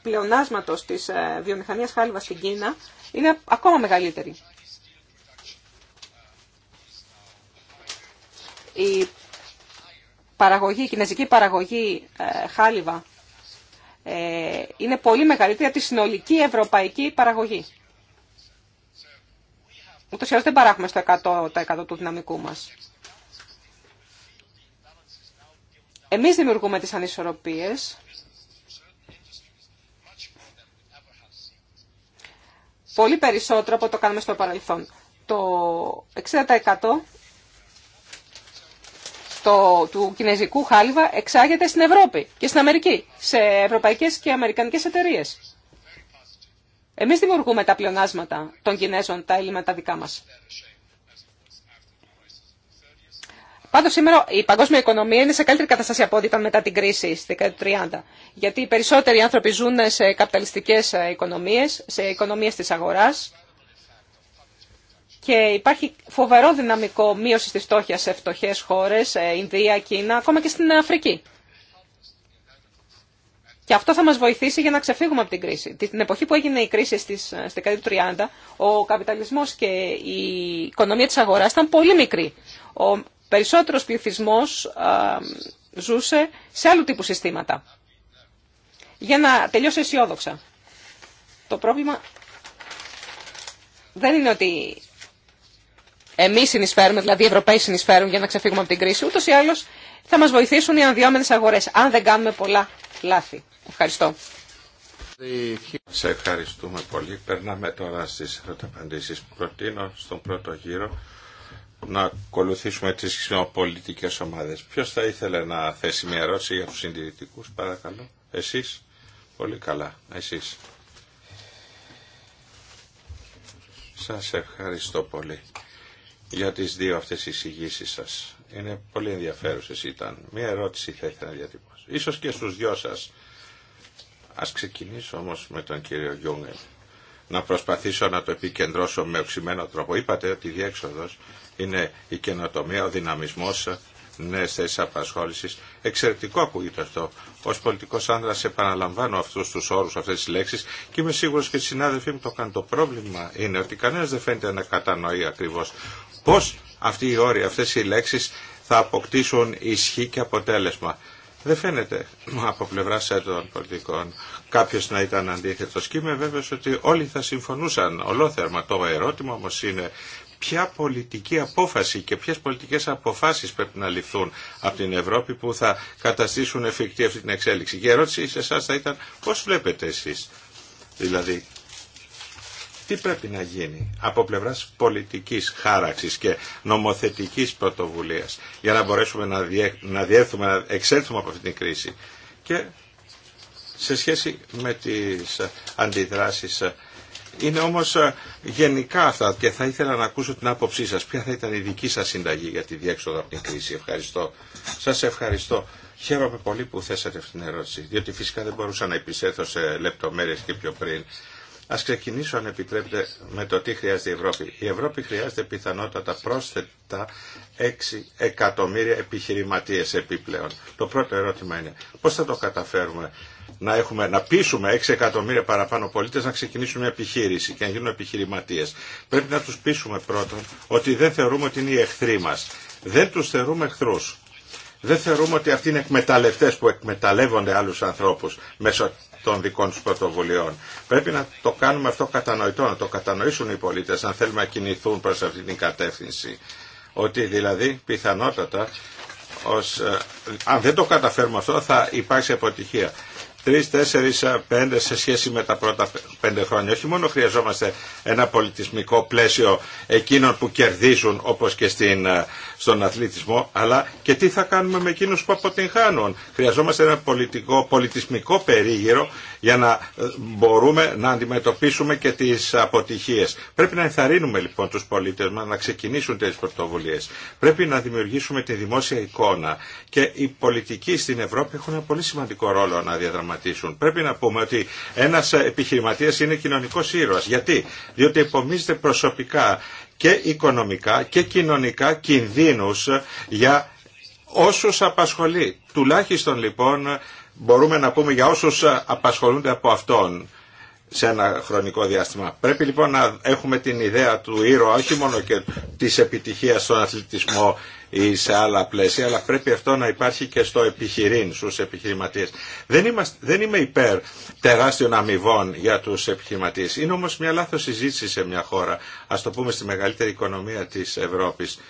πλεονάσματος της ε, βιομηχανίας χάλιβας στην Κίνα είναι ακόμα μεγαλύτερη. Η παραγωγή, η κινέζικη παραγωγή ε, χάλιβα είναι πολύ μεγαλύτερη από τη συνολική ευρωπαϊκή παραγωγή. Ούτως ή άλλως δεν παράγουμε στο 100%, 100 του δυναμικού μας. Εμείς δημιουργούμε τις ανισορροπίες. Πολύ περισσότερο από το κάνουμε στο παρελθόν. Το 60% του κινέζικου χάλιβα εξάγεται στην Ευρώπη και στην Αμερική, σε ευρωπαϊκές και αμερικανικές εταιρείες. Εμείς δημιουργούμε τα πλεονάσματα των Κινέζων, τα έλλειμματα δικά μας. Πάντω σήμερα η παγκόσμια οικονομία είναι σε καλύτερη κατάσταση από ό,τι ήταν μετά την κρίση στη δεκαετία του 30. Γιατί οι περισσότεροι άνθρωποι ζουν σε καπιταλιστικέ ε, οικονομίε, σε οικονομίε τη αγορά. Και υπάρχει φοβερό δυναμικό μείωση τη φτώχεια σε φτωχέ χώρε, ε, Ινδία, Κίνα, ακόμα και στην Αφρική. Και αυτό θα μα βοηθήσει για να ξεφύγουμε από την κρίση. Την εποχή που έγινε η κρίση ε, στη δεκαετία του 30, ο καπιταλισμό και η οικονομία τη αγορά ήταν πολύ μικρή. Ο περισσότερος πληθυσμός ζούσε σε άλλου τύπου συστήματα. Για να τελειώσω αισιόδοξα. Το πρόβλημα δεν είναι ότι εμείς συνεισφέρουμε, δηλαδή οι Ευρωπαίοι συνεισφέρουν για να ξεφύγουμε από την κρίση. Ούτως ή άλλως θα μας βοηθήσουν οι ανδιόμενες αγορές, αν δεν κάνουμε πολλά λάθη. Ευχαριστώ. Σε ευχαριστούμε πολύ. Περνάμε τώρα στις που Προτείνω στον πρώτο γύρο να ακολουθήσουμε τι πολιτικές ομάδε. Ποιο θα ήθελε να θέσει μια ερώτηση για του συντηρητικού παρακαλώ. Εσείς. Πολύ καλά. Εσείς. σα ευχαριστώ πολύ για τις δύο αυτές εισηγήσει σας. Είναι πολύ ενδιαφέρουσες ήταν. Μία ερώτηση θα ήθελα να διατυπώσω. Ίσως και στους δυο σα. Α ξεκινήσω όμω με τον κύριο Γιούγκεν. Να προσπαθήσω να το επικεντρώσω με οξυμένο τρόπο. Είπατε ότι η διέξοδος είναι η καινοτομία, ο δυναμισμό, νέε θέσει απασχόληση. Εξαιρετικό ακούγεται αυτό. Ω πολιτικό άνδρας επαναλαμβάνω αυτού του όρου αυτέ τι λέξει και είμαι σίγουρο και οι συνάδελφοί μου το κάνουν. Το πρόβλημα είναι ότι κανένα δεν φαίνεται να κατανοεί ακριβώ πώ αυτοί οι όροι, αυτέ οι λέξει θα αποκτήσουν ισχύ και αποτέλεσμα. Δεν φαίνεται από πλευρά των πολιτικών κάποιο να ήταν αντίθετο. Και είμαι βέβαιο ότι όλοι θα συμφωνούσαν ολόθερμα. Το ερώτημα όμω είναι ποια πολιτική απόφαση και ποιες πολιτικές αποφάσεις πρέπει να ληφθούν από την Ευρώπη που θα καταστήσουν εφικτή αυτή την εξέλιξη. Και η ερώτηση σε εσά θα ήταν πώς βλέπετε εσείς, δηλαδή τι πρέπει να γίνει από πλευράς πολιτικής χάραξης και νομοθετικής πρωτοβουλίας για να μπορέσουμε να, διέ, να διέλθουμε, να εξέλθουμε από αυτή την κρίση. Και σε σχέση με τις αντιδράσεις είναι όμω ε, γενικά αυτά και θα ήθελα να ακούσω την άποψή σα Ποια θα ήταν η δική σα συνταγή για τη διέξοδο από την κρίση. Ευχαριστώ. Σα ευχαριστώ. Χαίρομαι πολύ που θέσατε αυτήν την ερώτηση, διότι φυσικά δεν μπορούσα να επισέθω σε λεπτομέρειε και πιο πριν. Α ξεκινήσω, αν επιτρέπετε, με το τι χρειάζεται η Ευρώπη. Η Ευρώπη χρειάζεται πιθανότατα πρόσθετα 6 εκατομμύρια επιχειρηματίε επιπλέον. Το πρώτο ερώτημα είναι πώ θα το καταφέρουμε να, έχουμε, να πείσουμε 6 εκατομμύρια παραπάνω πολίτε να ξεκινήσουν μια επιχείρηση και να γίνουν επιχειρηματίε. Πρέπει να του πείσουμε πρώτον ότι δεν θεωρούμε ότι είναι οι εχθροί μα. Δεν του θεωρούμε εχθρού. Δεν θεωρούμε ότι αυτοί είναι εκμεταλλευτέ που εκμεταλλεύονται άλλου ανθρώπου μέσω των δικών του πρωτοβουλειών. Πρέπει να το κάνουμε αυτό κατανοητό, να το κατανοήσουν οι πολίτε αν θέλουμε να κινηθούν προ αυτή την κατεύθυνση. Ότι δηλαδή πιθανότατα ως, ε, αν δεν το καταφέρουμε αυτό θα υπάρξει αποτυχία τρει, τέσσερι, πέντε σε σχέση με τα πρώτα πέντε χρόνια. Όχι μόνο χρειαζόμαστε ένα πολιτισμικό πλαίσιο εκείνων που κερδίζουν όπως και στην, στον αθλητισμό, αλλά και τι θα κάνουμε με εκείνου που αποτυγχάνουν. Χρειαζόμαστε ένα πολιτικό, πολιτισμικό περίγυρο για να ε, μπορούμε να αντιμετωπίσουμε και τις αποτυχίες. Πρέπει να ενθαρρύνουμε λοιπόν τους πολίτες μας να ξεκινήσουν τέτοιες πρωτοβουλίες. Πρέπει να δημιουργήσουμε τη δημόσια εικόνα και οι πολιτικοί στην Ευρώπη έχουν ένα πολύ σημαντικό ρόλο να διαδραματίσουν. Πρέπει να πούμε ότι ένας επιχειρηματίας είναι κοινωνικός ήρωας. Γιατί? Διότι υπομίζεται προσωπικά και οικονομικά και κοινωνικά κινδύνους για όσους απασχολεί. Τουλάχιστον λοιπόν μπορούμε να πούμε για όσους ε, απασχολούνται από αυτόν σε ένα χρονικό διάστημα. Πρέπει λοιπόν να έχουμε την ιδέα του ήρωα, όχι μόνο και της επιτυχίας στον αθλητισμό ή σε άλλα πλαίσια, αλλά πρέπει αυτό να υπάρχει και στο επιχειρήν, στους επιχειρηματίες. Δεν, είμαστε, δεν είμαι υπέρ τεράστιων αμοιβών για τους επιχειρηματίες. Είναι όμως μια λάθος συζήτηση σε μια χώρα, ας το πούμε στη μεγαλύτερη οικονομία της Ευρώπης,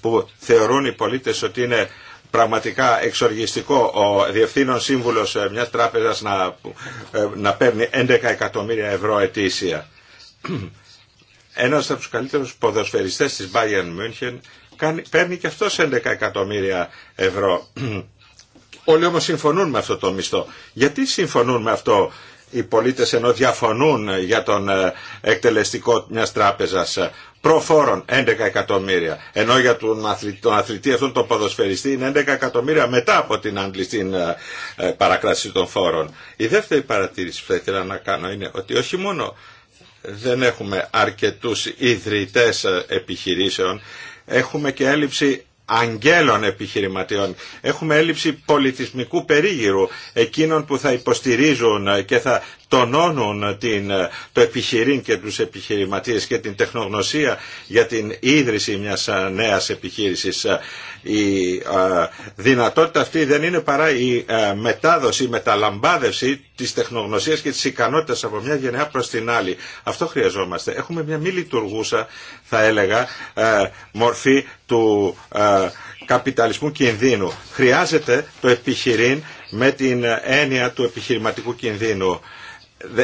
που θεωρούν οι πολίτες ότι είναι πραγματικά εξοργιστικό ο διευθύνων σύμβουλος ε, μιας τράπεζας να, ε, να παίρνει 11 εκατομμύρια ευρώ ετήσια. Ένας από τους καλύτερους ποδοσφαιριστές της Bayern München παίρνει και αυτός 11 εκατομμύρια ευρώ. Όλοι όμως συμφωνούν με αυτό το μισθό. Γιατί συμφωνούν με αυτό οι πολίτες ενώ διαφωνούν για τον ε, εκτελεστικό μιας τράπεζας προφόρων 11 εκατομμύρια. Ενώ για τον αθλητή, τον αυτόν τον ποδοσφαιριστή είναι 11 εκατομμύρια μετά από την αγγλιστή ε, ε, παρακράση των φόρων. Η δεύτερη παρατήρηση που θα ήθελα να κάνω είναι ότι όχι μόνο δεν έχουμε αρκετούς ιδρυτές ε, επιχειρήσεων, έχουμε και έλλειψη αγγέλων επιχειρηματιών. Έχουμε έλλειψη πολιτισμικού περίγυρου εκείνων που θα υποστηρίζουν και θα τονώνουν την, το επιχειρήν και τους επιχειρηματίες και την τεχνογνωσία για την ίδρυση μιας νέας επιχείρησης η δυνατότητα αυτή δεν είναι παρά η μετάδοση, η μεταλαμπάδευση της τεχνογνωσίας και της ικανότητας από μια γενεά προς την άλλη. Αυτό χρειαζόμαστε. Έχουμε μια μη λειτουργούσα, θα έλεγα, μορφή του καπιταλισμού κινδύνου. Χρειάζεται το επιχειρήν με την έννοια του επιχειρηματικού κινδύνου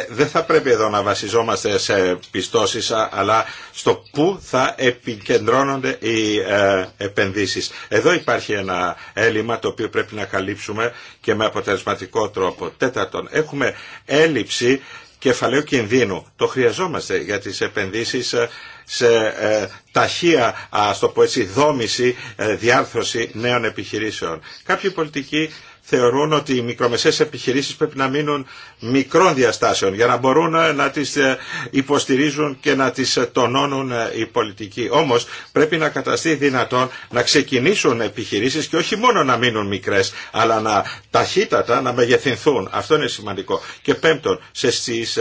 δεν θα πρέπει εδώ να βασιζόμαστε σε πιστώσεις αλλά στο πού θα επικεντρώνονται οι ε, επενδύσεις. Εδώ υπάρχει ένα έλλειμμα το οποίο πρέπει να καλύψουμε και με αποτελεσματικό τρόπο. Τέταρτον, έχουμε έλλειψη κεφαλαίου κινδύνου. Το χρειαζόμαστε για τις επενδύσεις ε, σε ε, ταχεία, πω δόμηση, διάρθρωση νέων επιχειρήσεων. Κάποιοι πολιτικοί θεωρούν ότι οι μικρομεσαίες επιχειρήσεις πρέπει να μείνουν μικρών διαστάσεων για να μπορούν ε, να τις ε, υποστηρίζουν και να τις ε, τονώνουν οι πολιτικοί. Όμως πρέπει να καταστεί δυνατόν να ξεκινήσουν επιχειρήσεις και όχι μόνο να μείνουν μικρές αλλά να ταχύτατα να μεγεθυνθούν. Αυτό είναι σημαντικό. Και πέμπτον, σε στις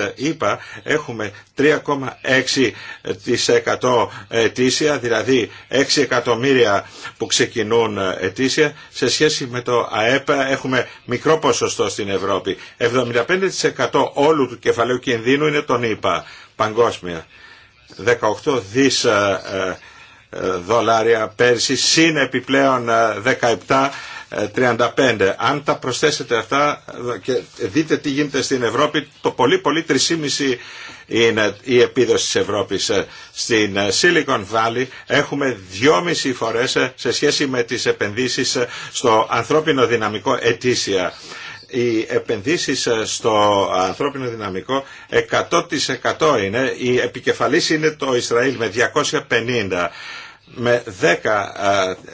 έχουμε 3,6% ετήσια, δηλαδή 6 εκατομμύρια που ξεκινούν ετήσια σε σχέση με το ΑΕΠΑ έχουμε μικρό ποσοστό στην Ευρώπη. 75% όλου του κεφαλαίου κινδύνου είναι τον ΙΠΑ παγκόσμια. 18 δις ε, ε, ε, δολάρια πέρσι, συν επιπλέον 17 35. Αν τα προσθέσετε αυτά και δείτε τι γίνεται στην Ευρώπη, το πολύ πολύ 3,5 είναι η επίδοση της Ευρώπης. Στην Silicon Valley έχουμε 2,5 φορές σε σχέση με τις επενδύσεις στο ανθρώπινο δυναμικό ετήσια οι επενδύσεις στο ανθρώπινο δυναμικό 100% είναι. η επικεφαλής είναι το Ισραήλ με 250 με 10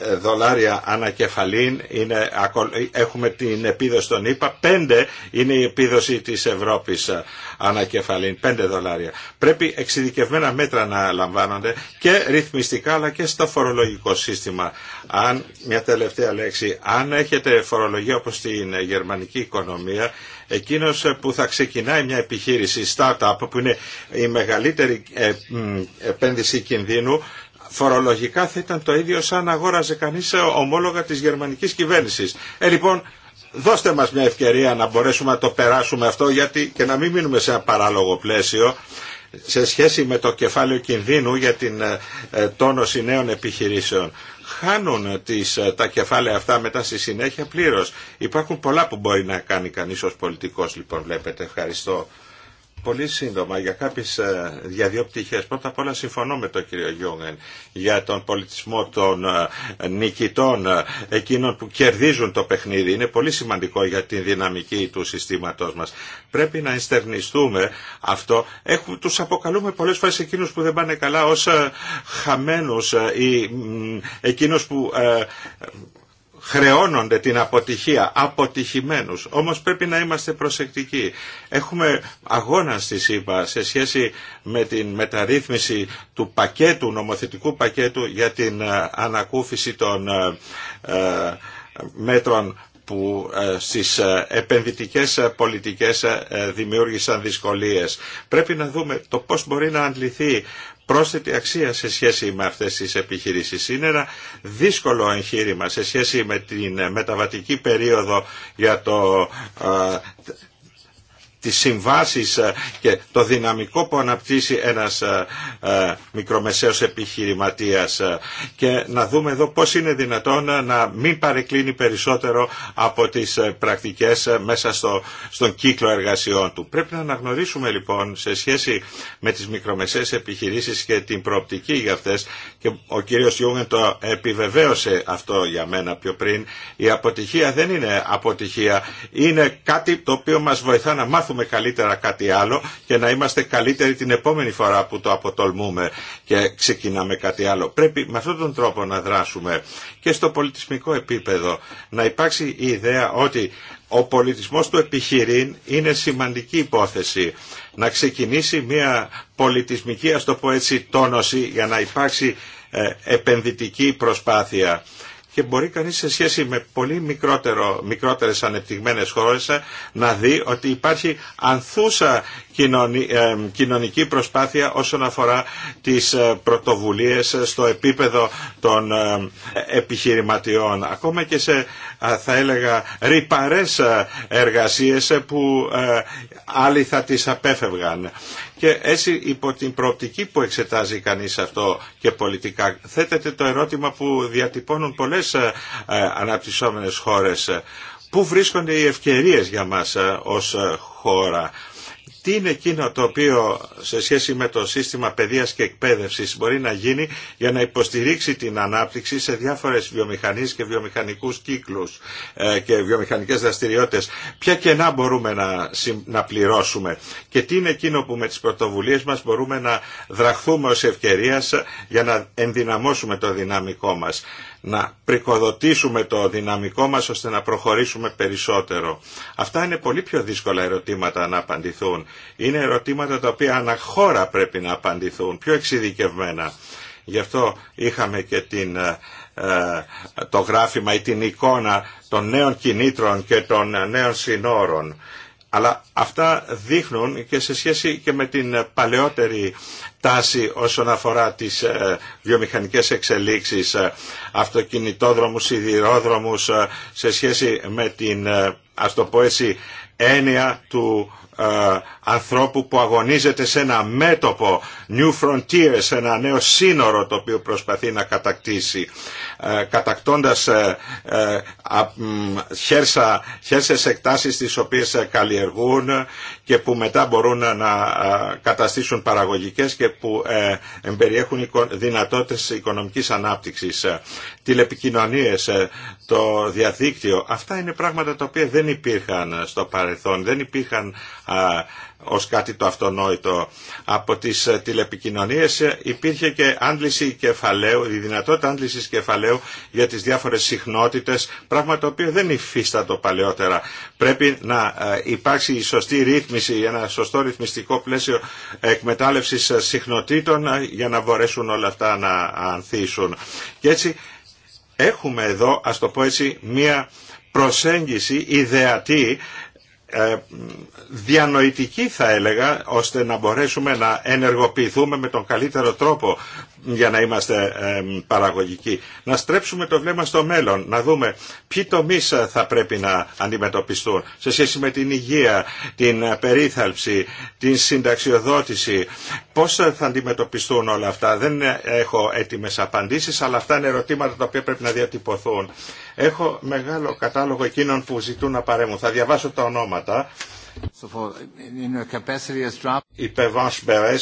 ε, δολάρια ανακεφαλήν είναι, έχουμε την επίδοση των ΗΠΑ, 5 είναι η επίδοση της Ευρώπης ε, ανακεφαλήν, 5 δολάρια. Πρέπει εξειδικευμένα μέτρα να λαμβάνονται και ρυθμιστικά αλλά και στο φορολογικό σύστημα. Αν, μια τελευταία λέξη, αν έχετε φορολογία όπως στην γερμανική οικονομία, εκείνος που θα ξεκινάει μια επιχείρηση, startup, που είναι η μεγαλύτερη ε, επένδυση κινδύνου, φορολογικά θα ήταν το ίδιο σαν αγόραζε κανείς ε, ομόλογα της γερμανικής κυβέρνησης. Ε, λοιπόν, δώστε μας μια ευκαιρία να μπορέσουμε να το περάσουμε αυτό γιατί και να μην μείνουμε σε ένα παράλογο πλαίσιο σε σχέση με το κεφάλαιο κινδύνου για την ε, ε, τόνωση νέων επιχειρήσεων. Χάνουν τις, τα κεφάλαια αυτά μετά στη συνέχεια πλήρως. Υπάρχουν πολλά που μπορεί να κάνει κανείς ως πολιτικός λοιπόν βλέπετε. Ευχαριστώ. Πολύ σύντομα για κάποιες ε, για δύο πτυχές. Πρώτα απ' όλα συμφωνώ με τον κύριο Γιούγκεν για τον πολιτισμό των ε, νικητών, ε, εκείνων που κερδίζουν το παιχνίδι. Είναι πολύ σημαντικό για την δυναμική του συστήματός μας. Πρέπει να ενστερνιστούμε αυτό. Έχουν, τους αποκαλούμε πολλές φορές εκείνους που δεν πάνε καλά ως χαμένους ή εκείνους που χρεώνονται την αποτυχία, αποτυχημένους. Όμως πρέπει να είμαστε προσεκτικοί. Έχουμε αγώνα στη ΣΥΠΑ σε σχέση με την μεταρρύθμιση του πακέτου, νομοθετικού πακέτου για την ε, ανακούφιση των ε, ε, μέτρων που στις επενδυτικές πολιτικές δημιούργησαν δυσκολίες. Πρέπει να δούμε το πώς μπορεί να αντληθεί πρόσθετη αξία σε σχέση με αυτές τις επιχειρήσεις. Είναι ένα δύσκολο εγχείρημα σε σχέση με την μεταβατική περίοδο για το τις συμβάσεις ε, και το δυναμικό που αναπτύσσει ένας ε, ε, μικρομεσαίος επιχειρηματίας και να δούμε εδώ πώς είναι δυνατόν να μην παρεκκλίνει περισσότερο από τις πρακτικές μέσα στο, στον κύκλο εργασιών του. Πρέπει να αναγνωρίσουμε λοιπόν σε σχέση με τις μικρομεσαίες επιχειρήσεις και την προοπτική για αυτές και ο κύριος Ιούγεν το επιβεβαίωσε αυτό για μένα πιο πριν η αποτυχία δεν είναι αποτυχία είναι κάτι το οποίο μας βοηθά να μάθουμε μάθουμε καλύτερα κάτι άλλο και να είμαστε καλύτεροι την επόμενη φορά που το αποτολμούμε και ξεκινάμε κάτι άλλο. Πρέπει με αυτόν τον τρόπο να δράσουμε και στο πολιτισμικό επίπεδο να υπάρξει η ιδέα ότι ο πολιτισμός του επιχειρήν είναι σημαντική υπόθεση. Να ξεκινήσει μια πολιτισμική, ας το πω έτσι, τόνωση για να υπάρξει ε, επενδυτική προσπάθεια και μπορεί κανείς σε σχέση με πολύ μικρότερο, μικρότερες ανεπτυγμένες χώρες να δει ότι υπάρχει ανθούσα ε, κοινωνική προσπάθεια όσον αφορά τις ε, πρωτοβουλίες στο επίπεδο των ε, επιχειρηματιών. Ακόμα και σε θα έλεγα ρηπαρές εργασίες που άλλοι θα τις απέφευγαν. Και έτσι υπό την προοπτική που εξετάζει κανείς αυτό και πολιτικά θέτεται το ερώτημα που διατυπώνουν πολλές ε, ε, αναπτυσσόμενες χώρες. Πού βρίσκονται οι ευκαιρίες για μας ε, ως χώρα τι είναι εκείνο το οποίο σε σχέση με το σύστημα παιδείας και εκπαίδευσης μπορεί να γίνει για να υποστηρίξει την ανάπτυξη σε διάφορες βιομηχανίες και βιομηχανικούς κύκλους ε, και βιομηχανικές δραστηριότητες. Ποια κενά μπορούμε να, να πληρώσουμε και τι είναι εκείνο που με τις πρωτοβουλίες μας μπορούμε να δραχθούμε ως ευκαιρία για να ενδυναμώσουμε το δυναμικό μας να πρικοδοτήσουμε το δυναμικό μας ώστε να προχωρήσουμε περισσότερο. Αυτά είναι πολύ πιο δύσκολα ερωτήματα να απαντηθούν είναι ερωτήματα τα οποία αναχώρα πρέπει να απαντηθούν, πιο εξειδικευμένα. Γι' αυτό είχαμε και την ε, ε, το γράφημα ή την εικόνα των νέων κινήτρων και των νέων συνόρων. Αλλά αυτά δείχνουν και σε σχέση και με την παλαιότερη τάση όσον αφορά τις ε, βιομηχανικές εξελίξεις, αυτοκινητόδρομους, σιδηρόδρομους, σε σχέση με την, ας το έννοια του ε, ανθρώπου που αγωνίζεται σε ένα μέτωπο New Frontiers, σε ένα νέο σύνορο το οποίο προσπαθεί να κατακτήσει. Ε, κατακτώντας ε, ε, χέρσες εκτάσεις τις οποίες καλλιεργούν και που μετά μπορούν να καταστήσουν παραγωγικές και που εμπεριέχουν δυνατότητες οικονομικής ανάπτυξης. Τηλεπικοινωνίες, το διαδίκτυο, αυτά είναι πράγματα τα οποία δεν υπήρχαν στο παρελθόν, δεν υπήρχαν ως κάτι το αυτονόητο. Από τις ε, τηλεπικοινωνίες ε, υπήρχε και άντληση κεφαλαίου, η δυνατότητα άντλησης κεφαλαίου για τις διάφορες συχνότητες, πράγμα το οποίο δεν υφίστατο παλαιότερα. Πρέπει να ε, υπάρξει η σωστή ρύθμιση, ένα σωστό ρυθμιστικό πλαίσιο εκμετάλλευσης συχνοτήτων για να μπορέσουν όλα αυτά να ανθίσουν. Και έτσι έχουμε εδώ, ας το πω έτσι, μία προσέγγιση ιδεατή ε, διανοητική θα έλεγα ώστε να μπορέσουμε να ενεργοποιηθούμε με τον καλύτερο τρόπο για να είμαστε παραγωγικοί. Να στρέψουμε το βλέμμα στο μέλλον, να δούμε ποιοι τομεί ε, θα πρέπει να αντιμετωπιστούν σε σχέση με την υγεία, την ε, περίθαλψη, την συνταξιοδότηση. Πώς ε, θα αντιμετωπιστούν όλα αυτά. Δεν έχω έτοιμε απαντήσει, αλλά αυτά είναι ερωτήματα τα οποία πρέπει να διατυπωθούν. Έχω μεγάλο κατάλογο εκείνων που ζητούν να παρέμουν. Θα διαβάσω τα ονόματα. Η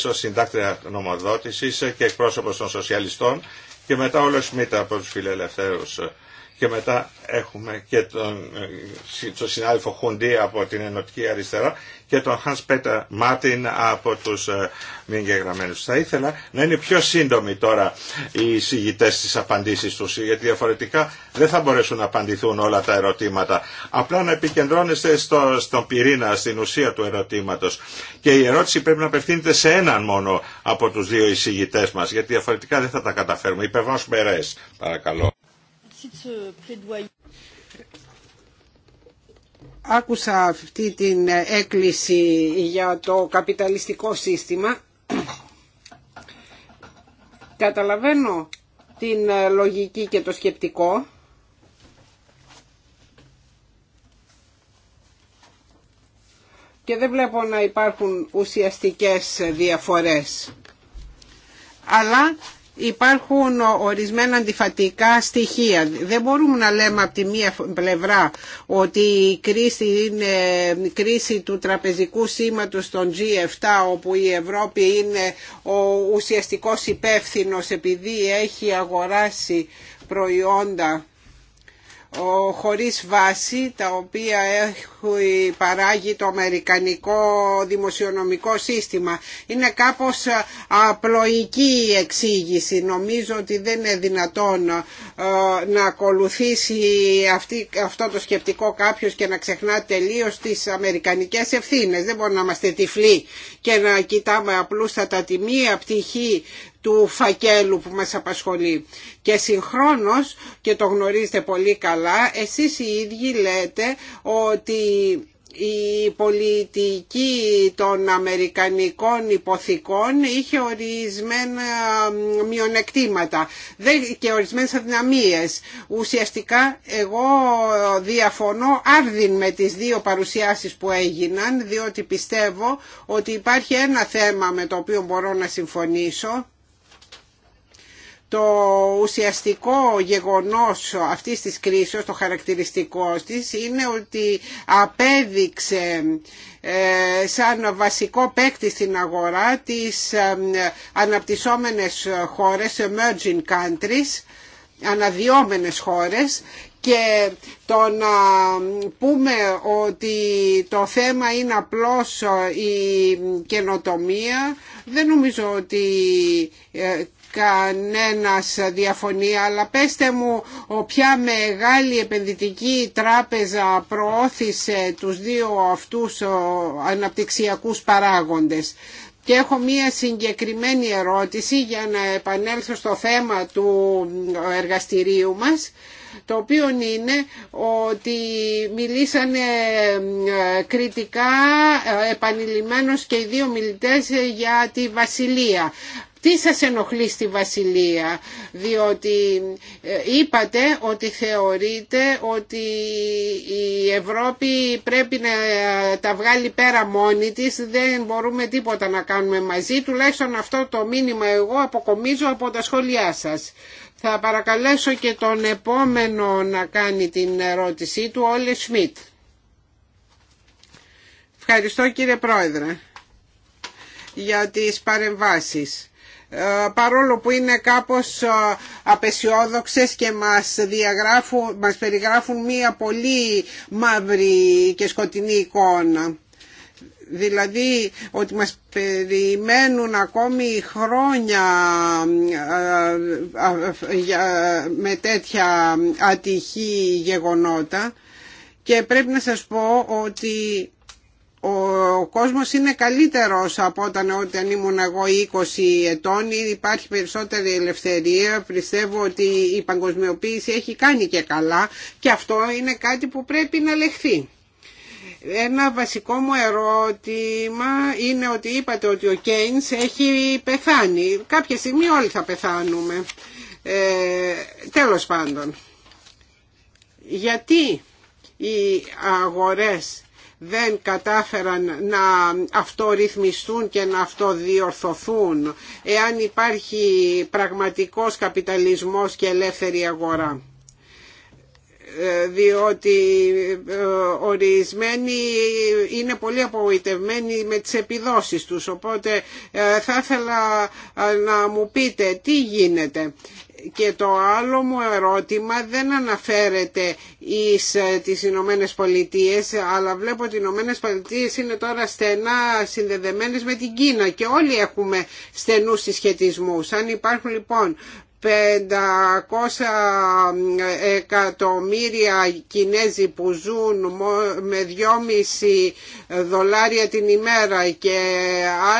ο συντάκτη νομοδότηση συντάκτρια και εκπρόσωπο των σοσιαλιστών και μετά όλος Λεσμίτα από του φιλελευθέρου και μετά έχουμε και ε, τον, συνάδελφο Χουντή από την Ενωτική Αριστερά και τον Χανς Peter Μάτιν από τους ε, μη εγγεγραμμένους. Θα ήθελα να είναι πιο σύντομοι τώρα οι συγητές στις απαντήσεις τους γιατί διαφορετικά δεν θα μπορέσουν να απαντηθούν όλα τα ερωτήματα. Απλά να επικεντρώνεστε στο, στον πυρήνα, στην ουσία του ερωτήματος και η ερώτηση πρέπει να απευθύνεται σε έναν μόνο από τους δύο εισηγητές μας γιατί διαφορετικά δεν θα τα καταφέρουμε. Υπερβάσουμε ρες, Παρακαλώ. Euh, Άκουσα αυτή την ε, έκκληση για το καπιταλιστικό σύστημα. Καταλαβαίνω την ε, λογική και το σκεπτικό. και δεν βλέπω να υπάρχουν ουσιαστικές ε, διαφορές. Αλλά υπάρχουν ορισμένα αντιφατικά στοιχεία. Δεν μπορούμε να λέμε από τη μία πλευρά ότι η κρίση είναι κρίση του τραπεζικού σήματος των G7 όπου η Ευρώπη είναι ο ουσιαστικός υπεύθυνος επειδή έχει αγοράσει προϊόντα χωρίς βάση τα οποία έχει παράγει το αμερικανικό δημοσιονομικό σύστημα. Είναι κάπως απλοϊκή η εξήγηση. Νομίζω ότι δεν είναι δυνατόν ε, να ακολουθήσει αυτή, αυτό το σκεπτικό κάποιος και να ξεχνά τελείως τις αμερικανικές ευθύνες. Δεν μπορούμε να είμαστε τυφλοί και να κοιτάμε απλούστατα τη μία απτυχή, του φακέλου που μας απασχολεί. Και συγχρόνως, και το γνωρίζετε πολύ καλά, εσείς οι ίδιοι λέτε ότι η πολιτική των αμερικανικών υποθηκών είχε ορισμένα μειονεκτήματα και ορισμένες αδυναμίες. Ουσιαστικά εγώ διαφωνώ άρδιν με τις δύο παρουσιάσεις που έγιναν διότι πιστεύω ότι υπάρχει ένα θέμα με το οποίο μπορώ να συμφωνήσω το ουσιαστικό γεγονός αυτής της κρίσης, το χαρακτηριστικό της, είναι ότι απέδειξε ε, σαν βασικό παίκτη στην αγορά τις ε, αναπτυσσόμενες χώρες, emerging countries, αναδυόμενες χώρες και το να πούμε ότι το θέμα είναι απλώς η καινοτομία δεν νομίζω ότι ε, κανένας διαφωνεί αλλά πέστε μου ποια μεγάλη επενδυτική τράπεζα προώθησε τους δύο αυτούς αναπτυξιακούς παράγοντες. Και έχω μία συγκεκριμένη ερώτηση για να επανέλθω στο θέμα του εργαστηρίου μας το οποίο είναι ότι μιλήσανε ε, κριτικά ε, επανειλημμένως και οι δύο μιλητές για τη Βασιλεία τι σας ενοχλεί στη Βασιλεία διότι ε, είπατε ότι θεωρείτε ότι η Ευρώπη πρέπει να τα βγάλει πέρα μόνη της δεν μπορούμε τίποτα να κάνουμε μαζί τουλάχιστον αυτό το μήνυμα εγώ αποκομίζω από τα σχόλιά σας θα παρακαλέσω και τον επόμενο να κάνει την ερώτησή του, Όλε Σμιτ. Ευχαριστώ κύριε Πρόεδρε για τις παρεμβάσεις. Ε, παρόλο που είναι κάπως ε, απεσιόδοξες και μας, διαγράφουν, μας περιγράφουν μία πολύ μαύρη και σκοτεινή εικόνα. Δηλαδή ότι μας περιμένουν ακόμη χρόνια ε, με τέτοια ατυχή γεγονότα και πρέπει να σας πω ότι ο κόσμος είναι καλύτερος από όταν, όταν ήμουν εγώ 20 ετών υπάρχει περισσότερη ελευθερία πιστεύω ότι η παγκοσμιοποίηση έχει κάνει και καλά και αυτό είναι κάτι που πρέπει να λεχθεί ένα βασικό μου ερώτημα είναι ότι είπατε ότι ο Κέινς έχει πεθάνει κάποια στιγμή όλοι θα πεθάνουμε ε, τέλος πάντων γιατί οι αγορές δεν κατάφεραν να αυτορυθμιστούν και να αυτοδιορθωθούν εάν υπάρχει πραγματικός καπιταλισμός και ελεύθερη αγορά ε, διότι ε, ορισμένοι είναι πολύ απογοητευμένοι με τις επιδόσεις τους. Οπότε ε, θα ήθελα να μου πείτε τι γίνεται και το άλλο μου ερώτημα δεν αναφέρεται εις ε, τις Ηνωμένε Πολιτείες αλλά βλέπω ότι οι Ηνωμένε Πολιτείες είναι τώρα στενά συνδεδεμένες με την Κίνα και όλοι έχουμε στενούς συσχετισμούς. Αν υπάρχουν λοιπόν 500 εκατομμύρια Κινέζοι που ζουν με 2,5 δολάρια την ημέρα και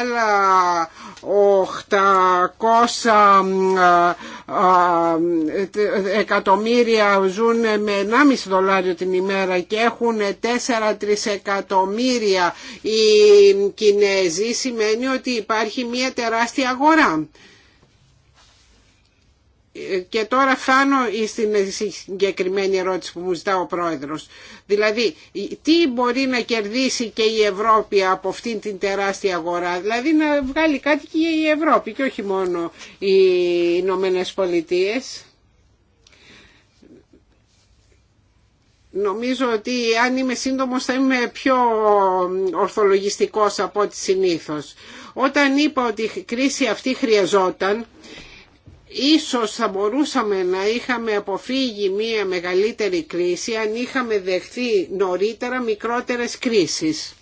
άλλα 800 ε, ε, εκατομμύρια ζουν με 1,5 δολάριο την ημέρα και έχουν 4 εκατομμύρια οι Κινέζοι σημαίνει ότι υπάρχει μια τεράστια αγορά και τώρα φτάνω στην συγκεκριμένη ερώτηση που μου ζητά ο πρόεδρος. Δηλαδή, τι μπορεί να κερδίσει και η Ευρώπη από αυτήν την τεράστια αγορά. Δηλαδή, να βγάλει κάτι και η Ευρώπη και όχι μόνο οι Ηνωμένε Πολιτείε. Νομίζω ότι αν είμαι σύντομος θα είμαι πιο ορθολογιστικός από ό,τι συνήθως. Όταν είπα ότι η κρίση αυτή χρειαζόταν, Ίσως θα μπορούσαμε να είχαμε αποφύγει μία μεγαλύτερη κρίση αν είχαμε δεχθεί νωρίτερα μικρότερες κρίσεις.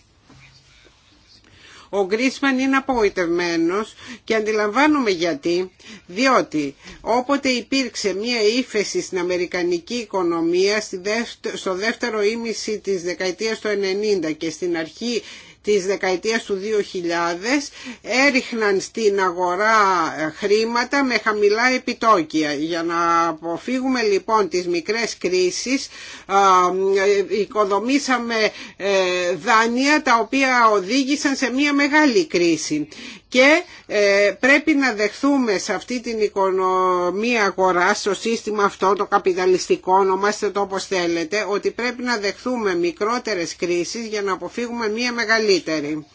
Ο Γκρίσμαν είναι απογοητευμένος και αντιλαμβάνομαι γιατί, διότι όποτε υπήρξε μία ύφεση στην Αμερικανική οικονομία στο δεύτερο ήμιση της δεκαετίας του 90 και στην αρχή της δεκαετίας του 2000 έριχναν στην αγορά ε, χρήματα με χαμηλά επιτόκια. Για να αποφύγουμε λοιπόν τις μικρές κρίσεις ε, οικοδομήσαμε ε, δάνεια τα οποία οδήγησαν σε μια μεγάλη κρίση και ε, πρέπει να δεχθούμε σε αυτή την οικονομία αγορά, στο σύστημα αυτό το καπιταλιστικό, ονομάστε το όπως θέλετε, ότι πρέπει να δεχθούμε μικρότερες κρίσεις για να αποφύγουμε μία μεγαλύτερη.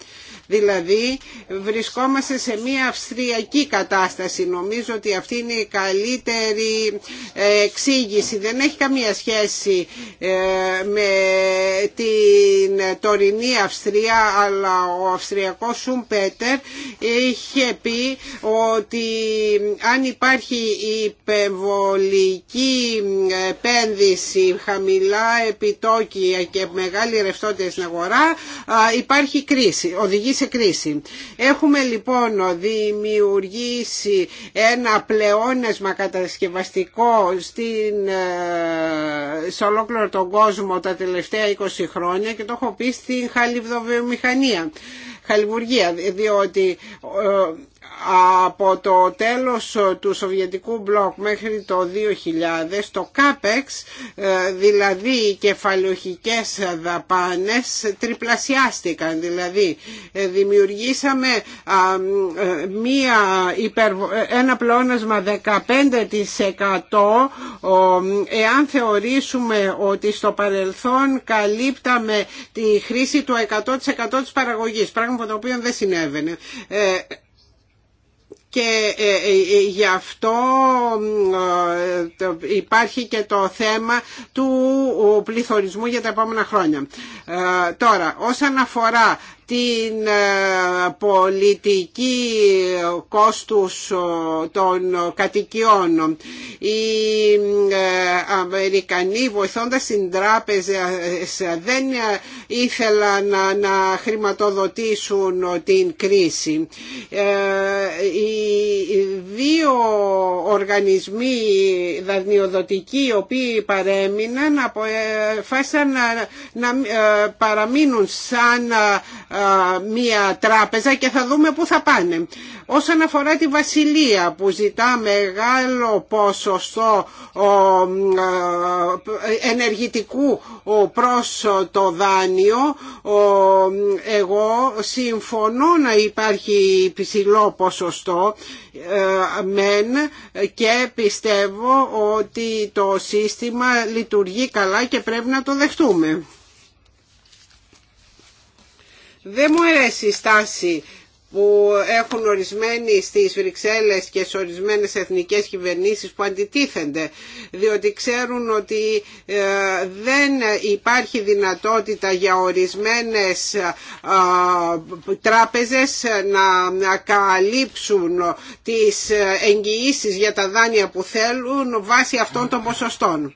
Δηλαδή βρισκόμαστε σε μια αυστριακή κατάσταση. Νομίζω ότι αυτή είναι η καλύτερη ε, εξήγηση. Δεν έχει καμία σχέση ε, με την τωρινή Αυστρία αλλά ο Αυστριακός πέτερ, είχε πει ότι αν υπάρχει υπερβολική επένδυση, χαμηλά επιτόκια και μεγάλη ρευστότητα στην αγορά υπάρχει κρίση, οδηγεί σε κρίση. Έχουμε λοιπόν δημιουργήσει ένα πλεονεσμα κατασκευαστικό στην, ε, σε ολόκληρο τον κόσμο τα τελευταία 20 χρόνια και το έχω πει στην χαλιβουργία, διότι ε, από το τέλος του Σοβιετικού Μπλοκ μέχρι το 2000 το ΚΑΠΕΞ, δηλαδή οι κεφαλαιοχικές δαπάνες τριπλασιάστηκαν δηλαδή ε, δημιουργήσαμε ε, μία ε, ένα πλεόνασμα 15% εάν θεωρήσουμε ότι στο παρελθόν καλύπταμε τη χρήση του 100% της παραγωγής πράγμα το οποίο δεν συνέβαινε και ε, ε, ε, γι' αυτό υπάρχει και το θέμα του πληθωρισμού για τα επόμενα χρόνια. Τώρα, όσον αφορά την ε, πολιτική ε, κόστους ε, των κατοικιών. Οι Αμερικανοί βοηθώντας την τράπεζα δεν ήθελαν να, χρηματοδοτήσουν την κρίση. Οι δύο οργανισμοί δανειοδοτικοί οι οποίοι παρέμειναν αποφάσισαν να παραμείνουν σαν μία τράπεζα και θα δούμε πού θα πάνε. Όσον αφορά τη Βασιλεία που ζητά μεγάλο ποσοστό ενεργητικού προς το δάνειο, εγώ συμφωνώ να υπάρχει υψηλό ποσοστό ε, μεν και πιστεύω ότι το σύστημα λειτουργεί καλά και πρέπει να το δεχτούμε. Δεν μου αρέσει η στάση που έχουν ορισμένοι στις Βρυξέλλες και σε ορισμένες εθνικές κυβερνήσεις που αντιτίθενται διότι ξέρουν ότι ε, δεν υπάρχει δυνατότητα για ορισμένες ε, τράπεζες να καλύψουν τις ε, εγγυήσεις για τα δάνεια που θέλουν βάσει αυτών των ποσοστών.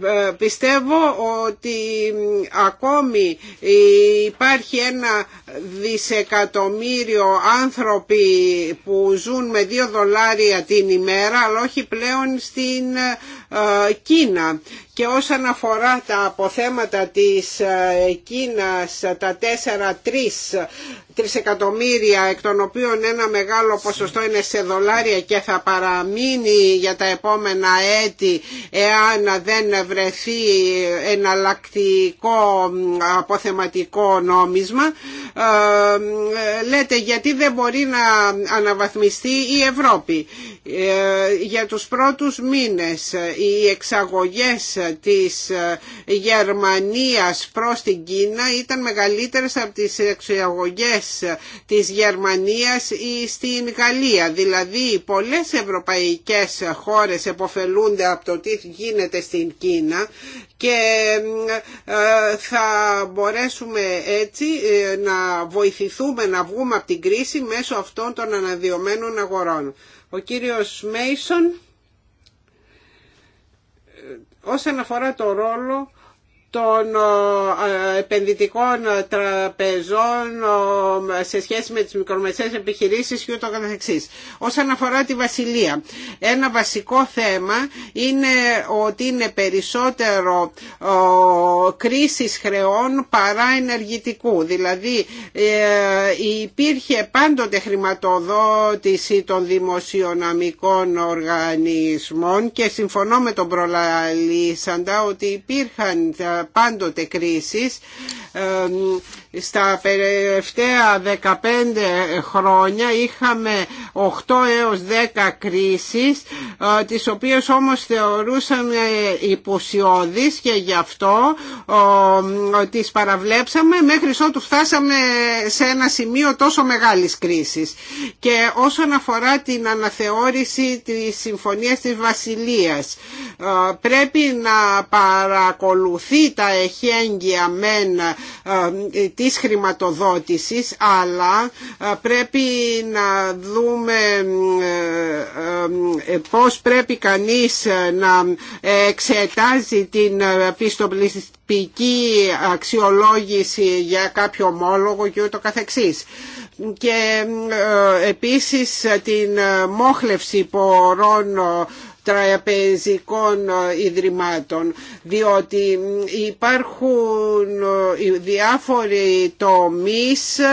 Ε, πιστεύω ότι ακόμη ε, υπάρχει ένα δισεκατομμύριο άνθρωποι που ζουν με δύο δολάρια την ημέρα αλλά όχι πλέον στην ε, Κίνα και όσον αφορά τα αποθέματα της ε, Κίνας τα 4-3 τρισεκατομμύρια εκ των οποίων ένα μεγάλο ποσοστό είναι σε δολάρια και θα παραμείνει για τα επόμενα έτη εάν δεν βρεθεί εναλλακτικό αποθεματικό νόμισμα ε, ε, λέτε γιατί δεν μπορεί να αναβαθμιστεί η Ευρώπη. Ε, για τους πρώτους μήνες ε, οι εξαγωγές της ε, Γερμανίας προς την Κίνα ήταν μεγαλύτερες από τις εξαγωγές της Γερμανίας στην Γαλλία. Δηλαδή πολλές ευρωπαϊκές χώρες εποφελούνται από το τι γίνεται στην Κίνα και θα μπορέσουμε έτσι να βοηθηθούμε να βγούμε από την κρίση μέσω αυτών των αναδειωμένων αγορών. Ο κύριος Μέισον ε, όσον αφορά το ρόλο των ε, ε, επενδυτικών τραπεζών ε, σε σχέση με τις μικρομεσαίες επιχειρήσεις και ούτω καθεξής. Όσον αφορά τη Βασιλεία, ένα βασικό θέμα είναι ότι είναι περισσότερο κρίσης χρεών παρά ενεργητικού. Δηλαδή υπήρχε πάντοτε χρηματοδότηση των δημοσιονομικών οργανισμών και συμφωνώ με τον προλαλήσαντα ότι υπήρχαν πάντοτε κρίσεις ε, στα τελευταία 15 χρόνια είχαμε 8 έως 10 κρίσεις ε, τις οποίες όμως θεωρούσαμε υποσιώδεις και γι' αυτό ε, τις παραβλέψαμε μέχρι ότου φτάσαμε σε ένα σημείο τόσο μεγάλης κρίσης. Και όσον αφορά την αναθεώρηση της Συμφωνίας της Βασιλείας ε, πρέπει να παρακολουθεί τα εχέγγυα μεν της χρηματοδότησης αλλά ε, πρέπει να δούμε ε, ε, πώς πρέπει κανείς να εξετάζει την πιστοπληστική αξιολόγηση για κάποιο ομόλογο και ούτω καθεξής και επίσης την μόχλευση πορών τραπεζικών ε, ιδρυμάτων διότι υπάρχουν ε, διάφοροι τομείς ε,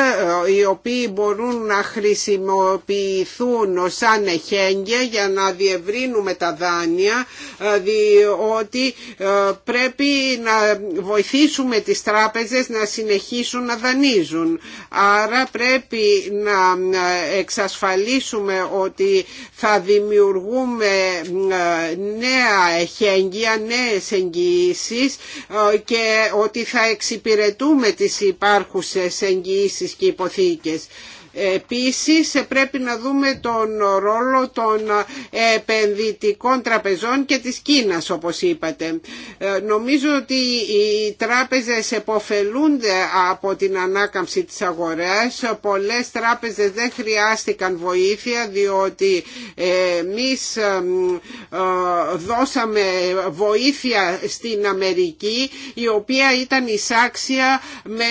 οι οποίοι μπορούν να χρησιμοποιηθούν σαν εχέγγυα για να διευρύνουμε τα δάνεια διότι ε, πρέπει να βοηθήσουμε τις τράπεζες να συνεχίσουν να δανείζουν. Άρα πρέπει να ε, εξασφαλίσουμε ότι θα δημιουργούμε ε, νέα εχέγγυα, νέες εγγυήσεις και ότι θα εξυπηρετούμε τις υπάρχουσες εγγυήσεις και υποθήκες. Επίσης πρέπει να δούμε τον ρόλο των επενδυτικών τραπεζών και της Κίνας όπως είπατε. Ε, νομίζω ότι οι τράπεζες εποφελούνται από την ανάκαμψη της αγοράς. Πολλές τράπεζες δεν χρειάστηκαν βοήθεια διότι εμείς ε, δώσαμε βοήθεια στην Αμερική η οποία ήταν εισάξια με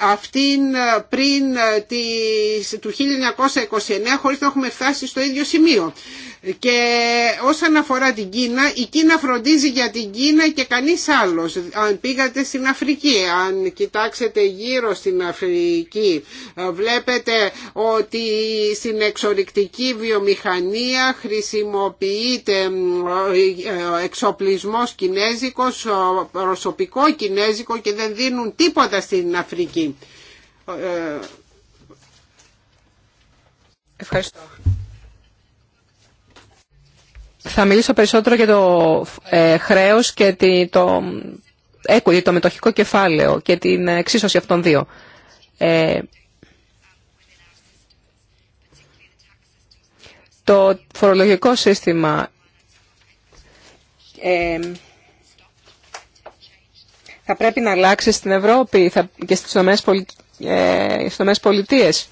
αυτήν πριν τη του 1929 χωρίς να έχουμε φτάσει στο ίδιο σημείο. Και όσον αφορά την Κίνα, η Κίνα φροντίζει για την Κίνα και κανείς άλλος. Αν πήγατε στην Αφρική, αν κοιτάξετε γύρω στην Αφρική, βλέπετε ότι στην εξορρυκτική βιομηχανία χρησιμοποιείται ε, ε, εξοπλισμός κινέζικος, προσωπικό κινέζικο και δεν δίνουν τίποτα στην Αφρική. Ε, θα μιλήσω περισσότερο για το ε, χρέος και το το μετοχικό κεφάλαιο και την εξίσωση αυτών δύο. Ε, το φορολογικό σύστημα ε, θα πρέπει να αλλάξει στην Ευρώπη και στις Ηνωμένες ε, Πολιτείες.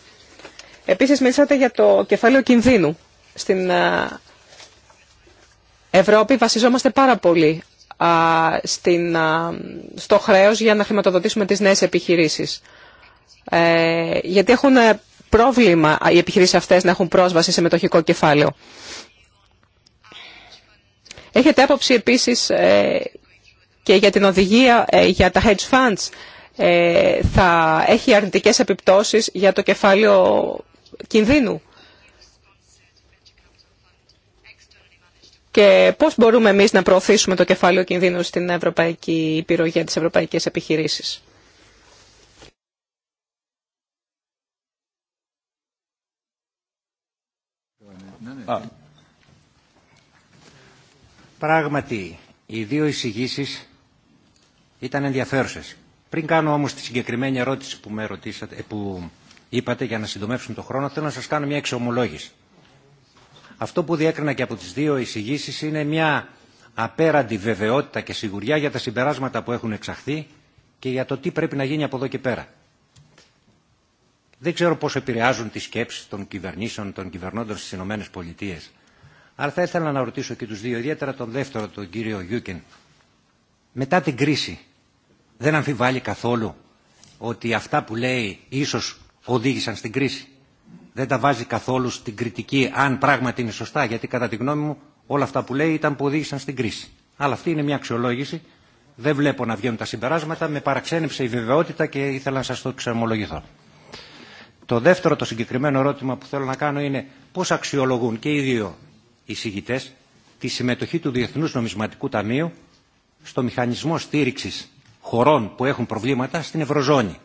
Επίσης μιλήσατε για το κεφάλαιο κινδύνου. Στην ε, Ευρώπη βασιζόμαστε πάρα πολύ στο χρέος για να χρηματοδοτήσουμε τις νέες επιχειρήσεις. Ε, γιατί έχουν ε, πρόβλημα οι επιχειρήσεις αυτές να έχουν πρόσβαση σε μετοχικό κεφάλαιο. Έχετε άποψη επίσης και για την οδηγία για τα hedge funds θα έχει αρνητικές επιπτώσεις για το κεφάλαιο κινδύνου. Και πώς μπορούμε εμείς να προωθήσουμε το κεφάλαιο κινδύνου στην ευρωπαϊκή υπηρεσία της Ευρωπαϊκής ευρωπαϊκές Πράγματι, οι δύο εισηγήσει ήταν ενδιαφέρουσες. Πριν κάνω όμως τη συγκεκριμένη ερώτηση που, με ρωτήσατε, που είπατε για να συντομεύσουμε τον χρόνο, θέλω να σας κάνω μια εξομολόγηση. Αυτό που διέκρινα και από τις δύο εισηγήσει είναι μια απέραντη βεβαιότητα και σιγουριά για τα συμπεράσματα που έχουν εξαχθεί και για το τι πρέπει να γίνει από εδώ και πέρα. Δεν ξέρω πώς επηρεάζουν τις σκέψεις των κυβερνήσεων, των κυβερνώντων στις ΗΠΑ. Πολιτείες. Αλλά θα ήθελα να ρωτήσω και τους δύο, ιδιαίτερα τον δεύτερο, τον κύριο Γιούκεν. Μετά την κρίση, δεν αμφιβάλλει καθόλου ότι αυτά που λέει ίσως οδήγησαν στην κρίση. Δεν τα βάζει καθόλου στην κριτική αν πράγματι είναι σωστά, γιατί κατά τη γνώμη μου όλα αυτά που λέει ήταν που οδήγησαν στην κρίση. Αλλά αυτή είναι μια αξιολόγηση. Δεν βλέπω να βγαίνουν τα συμπεράσματα. Με παραξένεψε η βεβαιότητα και ήθελα να σα το ξεμολογηθώ. Το δεύτερο το συγκεκριμένο ερώτημα που θέλω να κάνω είναι πώ αξιολογούν και οι δύο εισηγητέ τη συμμετοχή του Διεθνούς Νομισματικού Ταμείου στο μηχανισμό στήριξη χωρών που έχουν προβλήματα στην Ευρωζώνη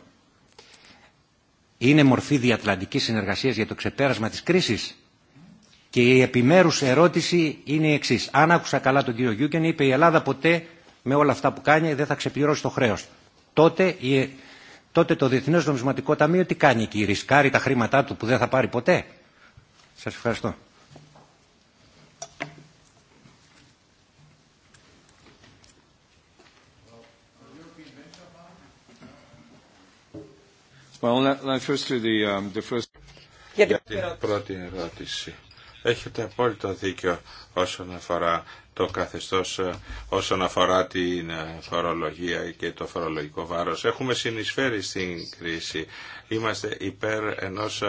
είναι μορφή διατλαντικής συνεργασίας για το ξεπέρασμα της κρίσης. Και η επιμέρους ερώτηση είναι η εξής. Αν άκουσα καλά τον κύριο Γιούγκεν, είπε η Ελλάδα ποτέ με όλα αυτά που κάνει δεν θα ξεπληρώσει το χρέος. Τότε, η... τότε το Διεθνές Νομισματικό Ταμείο τι κάνει κύριε, ρισκάρει τα χρήματά του που δεν θα πάρει ποτέ. Σας ευχαριστώ. Για την πρώτη ερώτηση. Έχετε απόλυτο δίκιο όσον αφορά το καθεστώς, ε, όσον αφορά την ε, φορολογία και το φορολογικό βάρος. Έχουμε συνεισφέρει στην κρίση. Είμαστε υπέρ ενός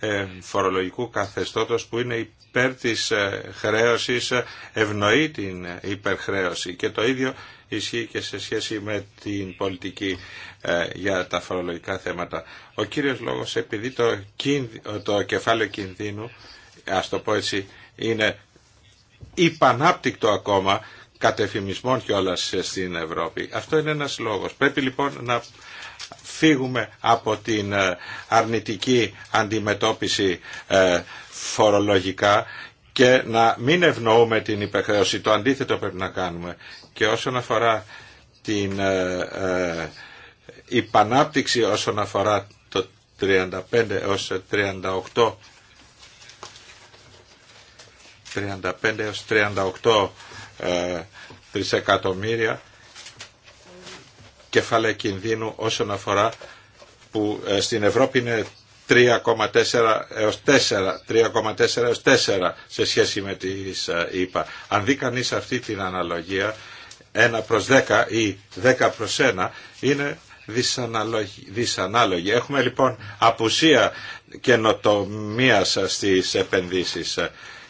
ε, φορολογικού καθεστώτος που είναι υπέρ της χρέωσης, ευνοεί την υπερχρέωση και το ίδιο ισχύει και σε σχέση με την πολιτική ε, για τα φορολογικά θέματα. Ο κύριος λόγος, επειδή το, το κεφάλαιο κινδύνου, ας το πω έτσι, είναι υπανάπτυκτο ακόμα, κατεφημισμών κιόλα στην Ευρώπη. Αυτό είναι ένας λόγος. Πρέπει λοιπόν να φύγουμε από την ε, αρνητική αντιμετώπιση ε, φορολογικά και να μην ευνοούμε την υπερχρέωση. Το αντίθετο πρέπει να κάνουμε. Και όσον αφορά την ε, ε, υπανάπτυξη όσον αφορά το 35 έως 38 35 έως 38 ε, τρισεκατομμύρια κεφάλαια κινδύνου όσον αφορά που ε, στην Ευρώπη είναι 3,4 έως 4, 3,4 έως 4 σε σχέση με τις ΙΠΑ. Ε, Αν δει κανεί αυτή την αναλογία, 1 προς 10 ή 10 προς 1 είναι δυσανάλογη. Έχουμε λοιπόν απουσία καινοτομίας στις επενδύσεις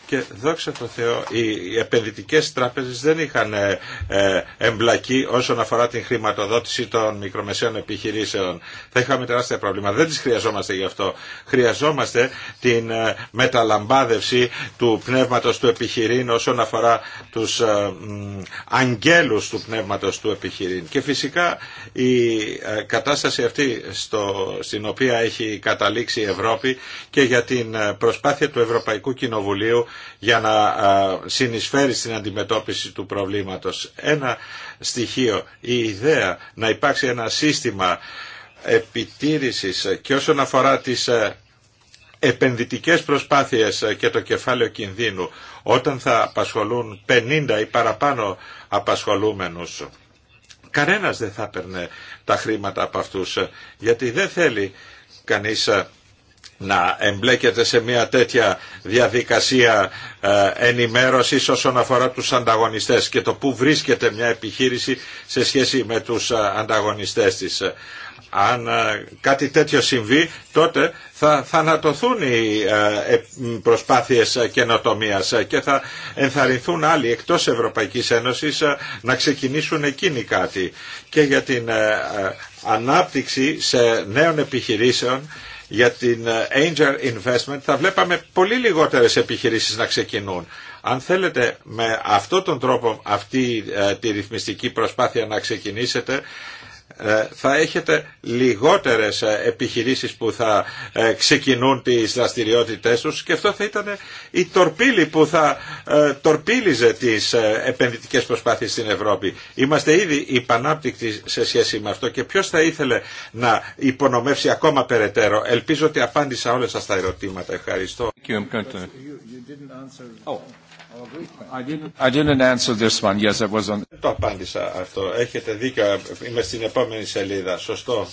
και δόξα τω Θεώ οι επενδυτικές τράπεζες δεν είχαν ε, ε, εμπλακεί όσον αφορά την χρηματοδότηση των μικρομεσαίων επιχειρήσεων. Θα είχαμε τεράστια προβλήματα. Δεν τις χρειαζόμαστε γι' αυτό. Χρειαζόμαστε την ε, μεταλαμπάδευση του πνεύματος του επιχειρήν όσον αφορά τους αγγέλους του πνεύματος του επιχειρήν. Και φυσικά η κατάσταση αυτή στο, στην οποία έχει καταλήξει η Ευρώπη και για την προσπάθεια του Ευρωπαϊκού Κοινοβουλίου για να συνεισφέρει στην αντιμετώπιση του προβλήματος. Ένα στοιχείο, η ιδέα να υπάρξει ένα σύστημα επιτήρησης και όσον αφορά τις επενδυτικές προσπάθειες και το κεφάλαιο κινδύνου όταν θα απασχολούν 50 ή παραπάνω απασχολούμενους. Κανένας δεν θα έπαιρνε τα χρήματα από αυτούς γιατί δεν θέλει κανείς να εμπλέκεται σε μια τέτοια διαδικασία ε, ενημέρωσης όσον αφορά τους ανταγωνιστές και το πού βρίσκεται μια επιχείρηση σε σχέση με τους ε, ανταγωνιστές της. Αν ε, κάτι τέτοιο συμβεί, τότε θα θανατωθούν οι προσπάθειες καινοτομίας και θα ενθαρρυνθούν άλλοι εκτός Ευρωπαϊκής Ένωσης να ξεκινήσουν εκείνοι κάτι. Και για την ανάπτυξη σε νέων επιχειρήσεων για την ε, Angel Investment θα βλέπαμε πολύ λιγότερες επιχειρήσεις να ξεκινούν. Αν θέλετε με αυτόν τον τρόπο αυτή ε, τη ρυθμιστική προσπάθεια να ξεκινήσετε ε, θα έχετε λιγότερες ε, επιχειρήσεις που θα ε, ξεκινούν τις δραστηριότητές τους και αυτό θα ήταν η τορπίλη που θα τορπίλιζε τις επενδυτικές προσπάθειες στην Ευρώπη. Είμαστε ήδη υπανάπτυκτοι σε σχέση με αυτό και ποιος θα ήθελε να υπονομεύσει ακόμα περαιτέρω. Ελπίζω ότι απάντησα όλες σας τα ερωτήματα. Ευχαριστώ. I didn't answer this one. Yes, was on... Το απάντησα αυτό. Έχετε δίκιο. Είμαι στην επόμενη σελίδα. Σωστό.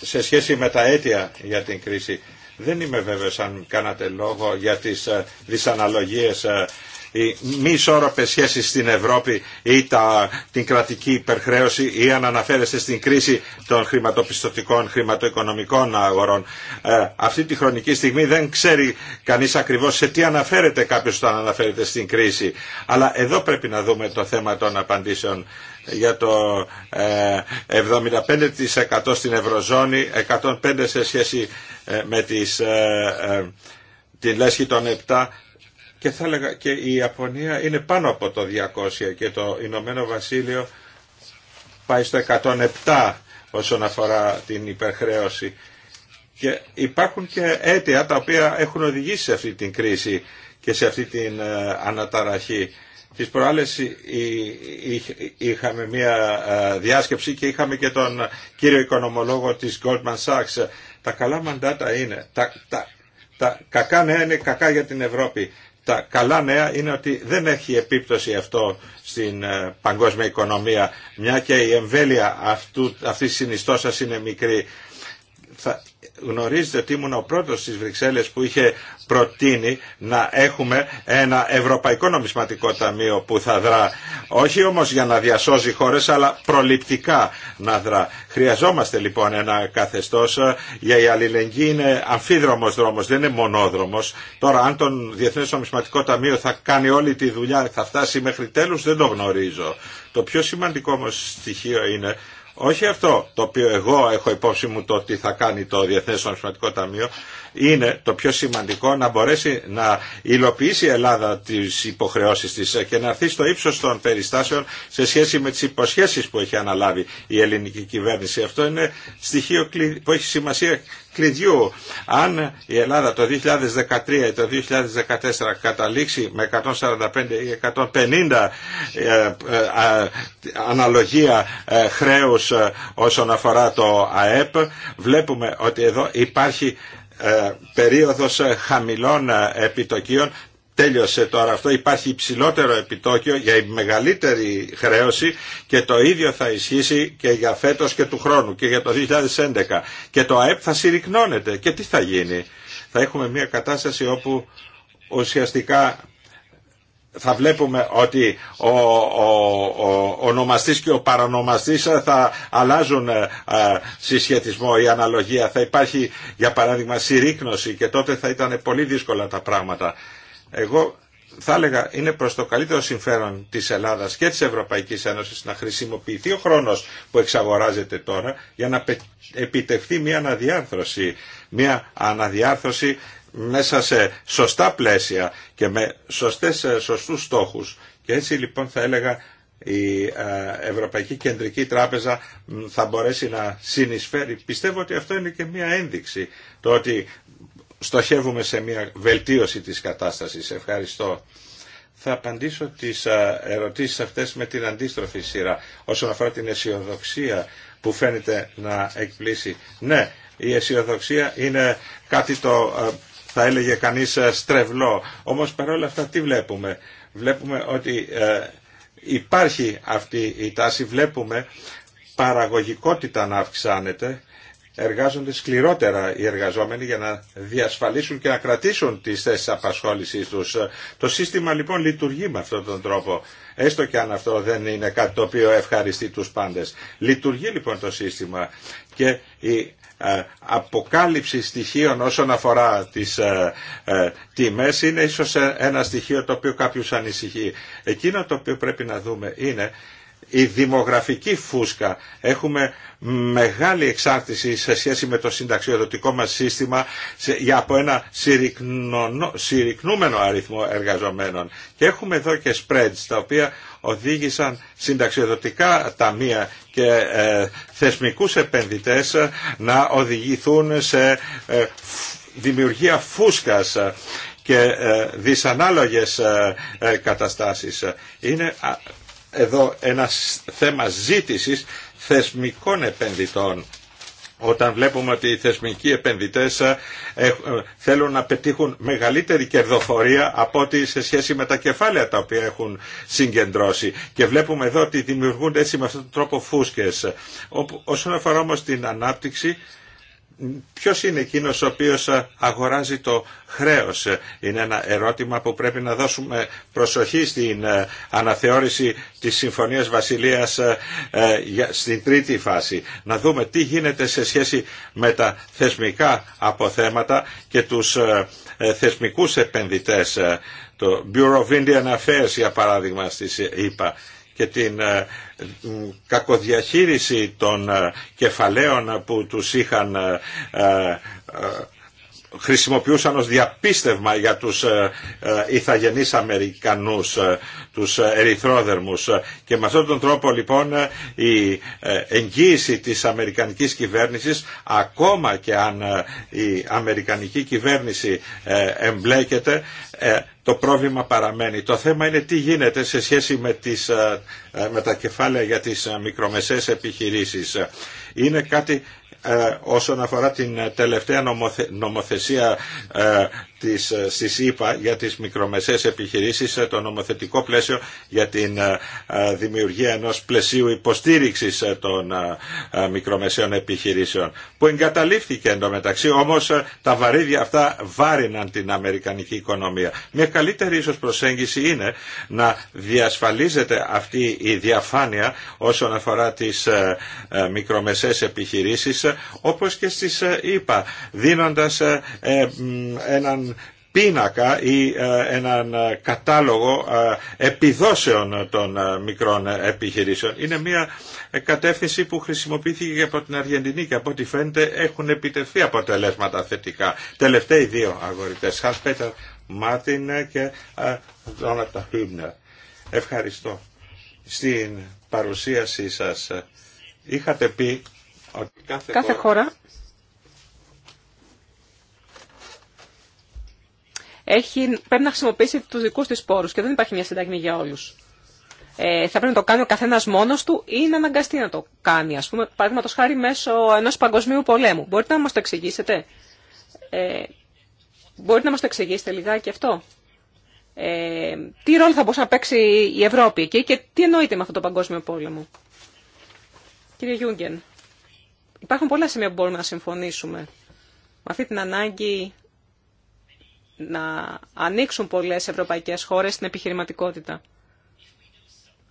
Σε σχέση με τα αίτια για την κρίση, δεν είμαι βέβαιος αν κάνατε λόγο για τις ε, δυσαναλογίες ε, οι μη ισόρροπες σχέσεις στην Ευρώπη ή την κρατική υπερχρέωση ή αν αναφέρεστε στην κρίση των χρηματοπιστωτικών, χρηματοοικονομικών αγορών. Ε, αυτή τη χρονική στιγμή δεν ξέρει κανείς ακριβώς σε τι αναφέρεται κάποιος όταν αναφέρεται στην κρίση. Αλλά εδώ πρέπει να δούμε το θέμα των απαντήσεων για το 75% ε, στην Ευρωζώνη, 105% σε σχέση ε, με την λέσχη των 7% και θα η Ιαπωνία είναι πάνω από το 200 και το Ηνωμένο Βασίλειο πάει στο 107 όσον αφορά την υπερχρέωση. Και υπάρχουν και αίτια τα οποία έχουν οδηγήσει σε αυτή την κρίση και σε αυτή την ε, αναταραχή. Τις προάλλες είχαμε μια ε, διάσκεψη και είχαμε και τον κύριο οικονομολόγο της Goldman Sachs. Τα καλά μαντάτα είναι, τα, τα, τα κακά νέα είναι κακά για την Ευρώπη. Τα καλά νέα είναι ότι δεν έχει επίπτωση αυτό στην ε, παγκόσμια οικονομία, μια και η εμβέλεια αυτού, αυτής της συνιστώσας είναι μικρή γνωρίζετε ότι ήμουν ο πρώτος στις Βρυξέλλες που είχε προτείνει να έχουμε ένα ευρωπαϊκό νομισματικό ταμείο που θα δρά όχι όμως για να διασώζει χώρες αλλά προληπτικά να δρά. Χρειαζόμαστε λοιπόν ένα καθεστώς για η αλληλεγγύη είναι αμφίδρομος δρόμος, δεν είναι μονόδρομος. Τώρα αν τον Διεθνές Νομισματικό Ταμείο θα κάνει όλη τη δουλειά, θα φτάσει μέχρι τέλους δεν το γνωρίζω. Το πιο σημαντικό όμως στοιχείο είναι όχι αυτό το οποίο εγώ έχω υπόψη μου το τι θα κάνει το Διεθνές Νομισματικό Ταμείο. Είναι το πιο σημαντικό να μπορέσει να υλοποιήσει η Ελλάδα τις υποχρεώσεις της και να έρθει στο ύψος των περιστάσεων σε σχέση με τις υποσχέσεις που έχει αναλάβει η ελληνική κυβέρνηση. Αυτό είναι στοιχείο που έχει σημασία κλειδιού. Αν η Ελλάδα το 2013 ή το 2014 καταλήξει με 145 ή 150 ε, ε, ε, αναλογία χρέους όσον αφορά το ΑΕΠ, βλέπουμε ότι εδώ υπάρχει περίοδος χαμηλών επιτοκίων Τέλειωσε τώρα αυτό, υπάρχει υψηλότερο επιτόκιο για η μεγαλύτερη χρέωση και το ίδιο θα ισχύσει και για φέτος και του χρόνου και για το 2011. Και το ΑΕΠ θα συρρυκνώνεται. Και τι θα γίνει. Θα έχουμε μια κατάσταση όπου ουσιαστικά θα βλέπουμε ότι ο, ο, νομαστής και ο παρανομαστής θα αλλάζουν ε, ε συσχετισμό ή αναλογία. Θα υπάρχει για παράδειγμα συρρύκνωση και τότε θα ήταν πολύ δύσκολα τα πράγματα. Εγώ θα έλεγα είναι προς το καλύτερο συμφέρον της Ελλάδας και της Ευρωπαϊκής Ένωσης να χρησιμοποιηθεί ο χρόνος που εξαγοράζεται τώρα για να επιτευχθεί μια αναδιάρθρωση, μια αναδιάρθρωση μέσα σε σωστά πλαίσια και με σωστές, ε, σωστούς στόχους. Και έτσι λοιπόν θα έλεγα η ε, Ευρωπαϊκή Κεντρική Τράπεζα θα μπορέσει να συνεισφέρει. Πιστεύω ότι αυτό είναι και μια ένδειξη το ότι στοχεύουμε σε μια βελτίωση της κατάστασης. Ευχαριστώ. Θα απαντήσω τις ερωτήσεις αυτές με την αντίστροφη σειρά όσον αφορά την αισιοδοξία που φαίνεται να εκπλήσει. Ναι, η αισιοδοξία είναι κάτι το θα έλεγε κανείς στρεβλό. Όμως παρόλα αυτά τι βλέπουμε. Βλέπουμε ότι ε, υπάρχει αυτή η τάση, βλέπουμε παραγωγικότητα να αυξάνεται εργάζονται σκληρότερα οι εργαζόμενοι για να διασφαλίσουν και να κρατήσουν τις θέσεις απασχόλησής τους. Το σύστημα λοιπόν λειτουργεί με αυτόν τον τρόπο, έστω και αν αυτό δεν είναι κάτι το οποίο ευχαριστεί τους πάντες. Λειτουργεί λοιπόν το σύστημα και η ε, αποκάλυψη στοιχείων όσον αφορά τις ε, ε, τιμές είναι ίσως ένα στοιχείο το οποίο κάποιους ανησυχεί. Εκείνο το οποίο πρέπει να δούμε είναι η δημογραφική φούσκα. Έχουμε μεγάλη εξάρτηση σε σχέση με το συνταξιοδοτικό μας σύστημα για από ένα συρρυκνούμενο αριθμό εργαζομένων. Και έχουμε εδώ και spreads τα οποία οδήγησαν συνταξιοδοτικά ταμεία και ε, θεσμικούς επενδυτές να οδηγηθούν σε ε, δημιουργία φούσκας και ε, δυσανάλογες ε, καταστάσεις. Είναι εδώ ένα θέμα ζήτησης θεσμικών επενδυτών όταν βλέπουμε ότι οι θεσμικοί επενδυτές ε, ε, θέλουν να πετύχουν μεγαλύτερη κερδοφορία από ό,τι σε σχέση με τα κεφάλαια τα οποία έχουν συγκεντρώσει. Και βλέπουμε εδώ ότι δημιουργούν έτσι με αυτόν τον τρόπο φούσκες. Όσον αφορά όμως την ανάπτυξη, ποιος είναι εκείνος ο οποίος ε, αγοράζει το χρέος. Είναι ένα ερώτημα που πρέπει να δώσουμε προσοχή στην ε, αναθεώρηση της Συμφωνίας Βασιλείας ε, στην τρίτη φάση. Να δούμε τι γίνεται σε σχέση με τα θεσμικά αποθέματα και τους θεσμικούς επενδυτές. Το Bureau of Indian Affairs για παράδειγμα στις ΕΠΑ και την ε, κακοδιαχείριση των ε, κεφαλαίων που τους είχαν ε, χρησιμοποιούσαν ως διαπίστευμα για τους ε, ε, ηθαγενείς Αμερικανούς, ε, τους ερυθρόδερμους. Και με αυτόν τον τρόπο λοιπόν η εγγύηση της Αμερικανικής κυβέρνησης, ακόμα και αν η Αμερικανική κυβέρνηση εμπλέκεται, το πρόβλημα παραμένει. Το θέμα είναι τι γίνεται σε σχέση με, τις, με τα κεφάλαια για τις μικρομεσαίες επιχειρήσεις. Είναι κάτι ε, όσον αφορά την ε, τελευταία νομοθεσία ε, της, ε, στις για τις μικρομεσαίες επιχειρήσεις ε, το νομοθετικό πλαίσιο για την ε, δημιουργία ενός πλαισίου υποστήριξης των μικρομεσαίων επιχειρήσεων που εγκαταλείφθηκε εντωμεταξύ όμως τα βαρύδια αυτά βάριναν την Αμερικανική οικονομία. Μια καλύτερη ίσως προσέγγιση είναι να διασφαλίζεται αυτή η διαφάνεια όσον αφορά τις μικρομεσαίες επιχειρήσεις όπως και στις ΗΠΑ, δίνοντας έναν πίνακα ή ε, έναν ε, κατάλογο ε, επιδόσεων των μικρών επιχειρήσεων. Είναι μια κατεύθυνση που χρησιμοποιήθηκε και από την Αργεντινή και από ό,τι φαίνεται έχουν επιτευχθεί αποτελέσματα θετικά. Τελευταίοι δύο αγορητές, Χάς Πέτερ Μάρτιν και Ρόνατα Χίμνερ. Ευχαριστώ. Στην παρουσίασή σας είχατε πει ότι κάθε, χώρα έχει, πρέπει να χρησιμοποιήσει τους δικούς της πόρου και δεν υπάρχει μια συνταγμή για όλους. Ε, θα πρέπει να το κάνει ο καθένα μόνο του ή να αναγκαστεί να το κάνει, α πούμε, παραδείγματο χάρη μέσω ενό παγκοσμίου πολέμου. Μπορείτε να μα το εξηγήσετε, ε, Μπορείτε να μα το εξηγήσετε λιγάκι αυτό. Ε, τι ρόλο θα μπορούσε να παίξει η Ευρώπη εκεί και τι εννοείται με αυτό το παγκόσμιο πόλεμο. Κύριε Γιούγκεν, υπάρχουν πολλά σημεία που μπορούμε να συμφωνήσουμε. Με αυτή την ανάγκη να ανοίξουν πολλές ευρωπαϊκές χώρες στην επιχειρηματικότητα.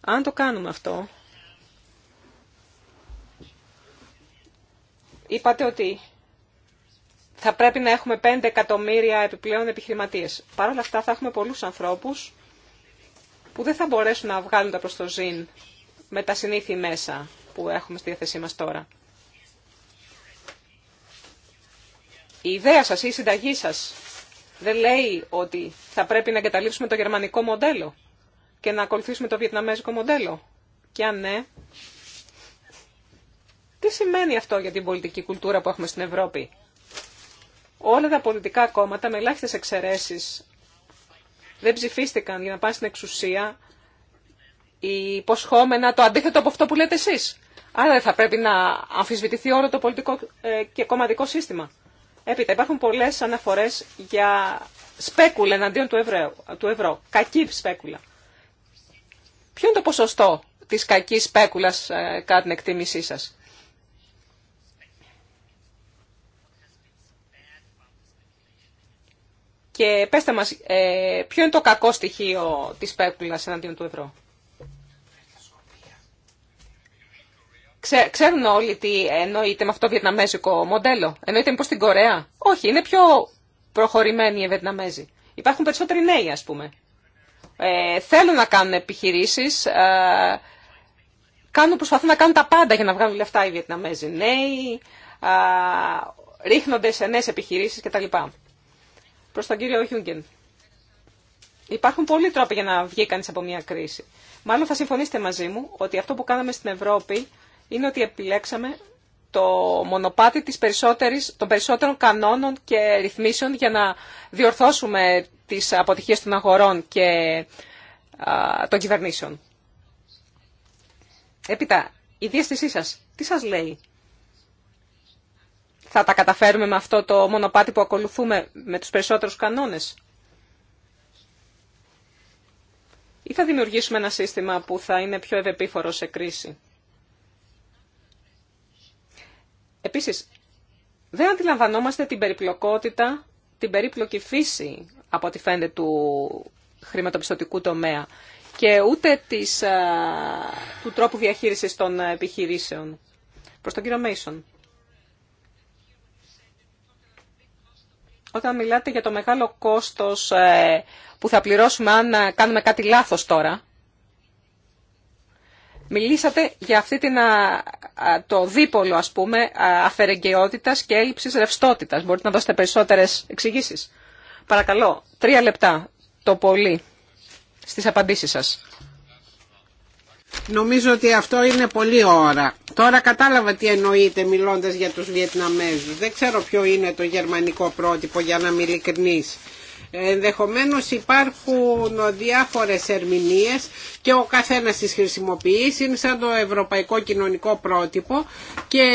Αν το κάνουμε αυτό, είπατε ότι θα πρέπει να έχουμε 5 εκατομμύρια επιπλέον επιχειρηματίες. Παρ' όλα αυτά θα έχουμε πολλούς ανθρώπους που δεν θα μπορέσουν να βγάλουν τα προς το ζήν με τα συνήθη μέσα που έχουμε στη διάθεσή μας τώρα. Η ιδέα σας ή η συνταγή σας δεν λέει ότι θα πρέπει να εγκαταλείψουμε το γερμανικό μοντέλο και να ακολουθήσουμε το βιετναμέζικο μοντέλο. Και αν ναι, τι σημαίνει αυτό για την πολιτική κουλτούρα που έχουμε στην Ευρώπη. Όλα τα πολιτικά κόμματα, με ελάχιστε εξαιρέσει, δεν ψηφίστηκαν για να πάνε στην εξουσία υποσχόμενα το αντίθετο από αυτό που λέτε εσείς. Άρα δεν θα πρέπει να αμφισβητηθεί όλο το πολιτικό ε, και κομματικό σύστημα. Έπειτα υπάρχουν πολλές αναφορές για σπέκουλα εναντίον του, ευρώ, του ευρώ. Κακή σπέκουλα. Ποιο είναι το ποσοστό της κακής σπέκουλας ε, κατά την εκτίμησή σας. Και πέστε μας, ε, ποιο είναι το κακό στοιχείο της σπέκουλας εναντίον του ευρώ. ξέρουν όλοι τι εννοείται με αυτό το βιετναμέζικο μοντέλο. Εννοείται μήπω την Κορέα. Όχι, είναι πιο προχωρημένοι οι Βιετναμέζοι. Υπάρχουν περισσότεροι νέοι, α πούμε. Ε, θέλουν να κάνουν επιχειρήσει. ε, κάνουν, προσπαθούν να κάνουν τα πάντα για να βγάλουν λεφτά οι Βιετναμέζοι. Νέοι, ε, ρίχνονται σε νέε επιχειρήσει κτλ. Προ τον κύριο Χιούγκεν. Υπάρχουν πολλοί τρόποι για να βγει κανεί από μια κρίση. Μάλλον θα συμφωνήσετε μαζί μου ότι αυτό που κάναμε στην Ευρώπη είναι ότι επιλέξαμε το μονοπάτι της περισσότερης, των περισσότερων κανόνων και ρυθμίσεων για να διορθώσουμε τις αποτυχίες των αγορών και α, των κυβερνήσεων. Έπειτα, η διάστησή σας, τι σας λέει. Θα τα καταφέρουμε με αυτό το μονοπάτι που ακολουθούμε με τους περισσότερους κανόνες. Ή θα δημιουργήσουμε ένα σύστημα που θα είναι πιο ευεπίφορο σε κρίση. Επίσης, δεν αντιλαμβανόμαστε την περιπλοκότητα, την περίπλοκη φύση από ό,τι φαίνεται του χρηματοπιστωτικού τομέα και ούτε της, του τρόπου διαχείρισης των ε, επιχειρήσεων. Προς τον κύριο Μέισον. Όταν μιλάτε για το μεγάλο κόστος ε, που θα πληρώσουμε αν ε, κάνουμε κάτι λάθος τώρα, Μιλήσατε για αυτή την, το δίπολο, ας πούμε, αφαιρεγκαιότητας και έλλειψης ρευστότητας. Μπορείτε να δώσετε περισσότερες εξηγήσεις. Παρακαλώ, τρία λεπτά το πολύ στις απαντήσεις σας. Νομίζω ότι αυτό είναι πολύ ώρα. Τώρα κατάλαβα τι εννοείτε μιλώντας για τους Βιετναμέζους. Δεν ξέρω ποιο είναι το γερμανικό πρότυπο για να είμαι Ενδεχομένως υπάρχουν διάφορες ερμηνείες και ο καθένας τις χρησιμοποιεί. Είναι σαν το ευρωπαϊκό κοινωνικό πρότυπο και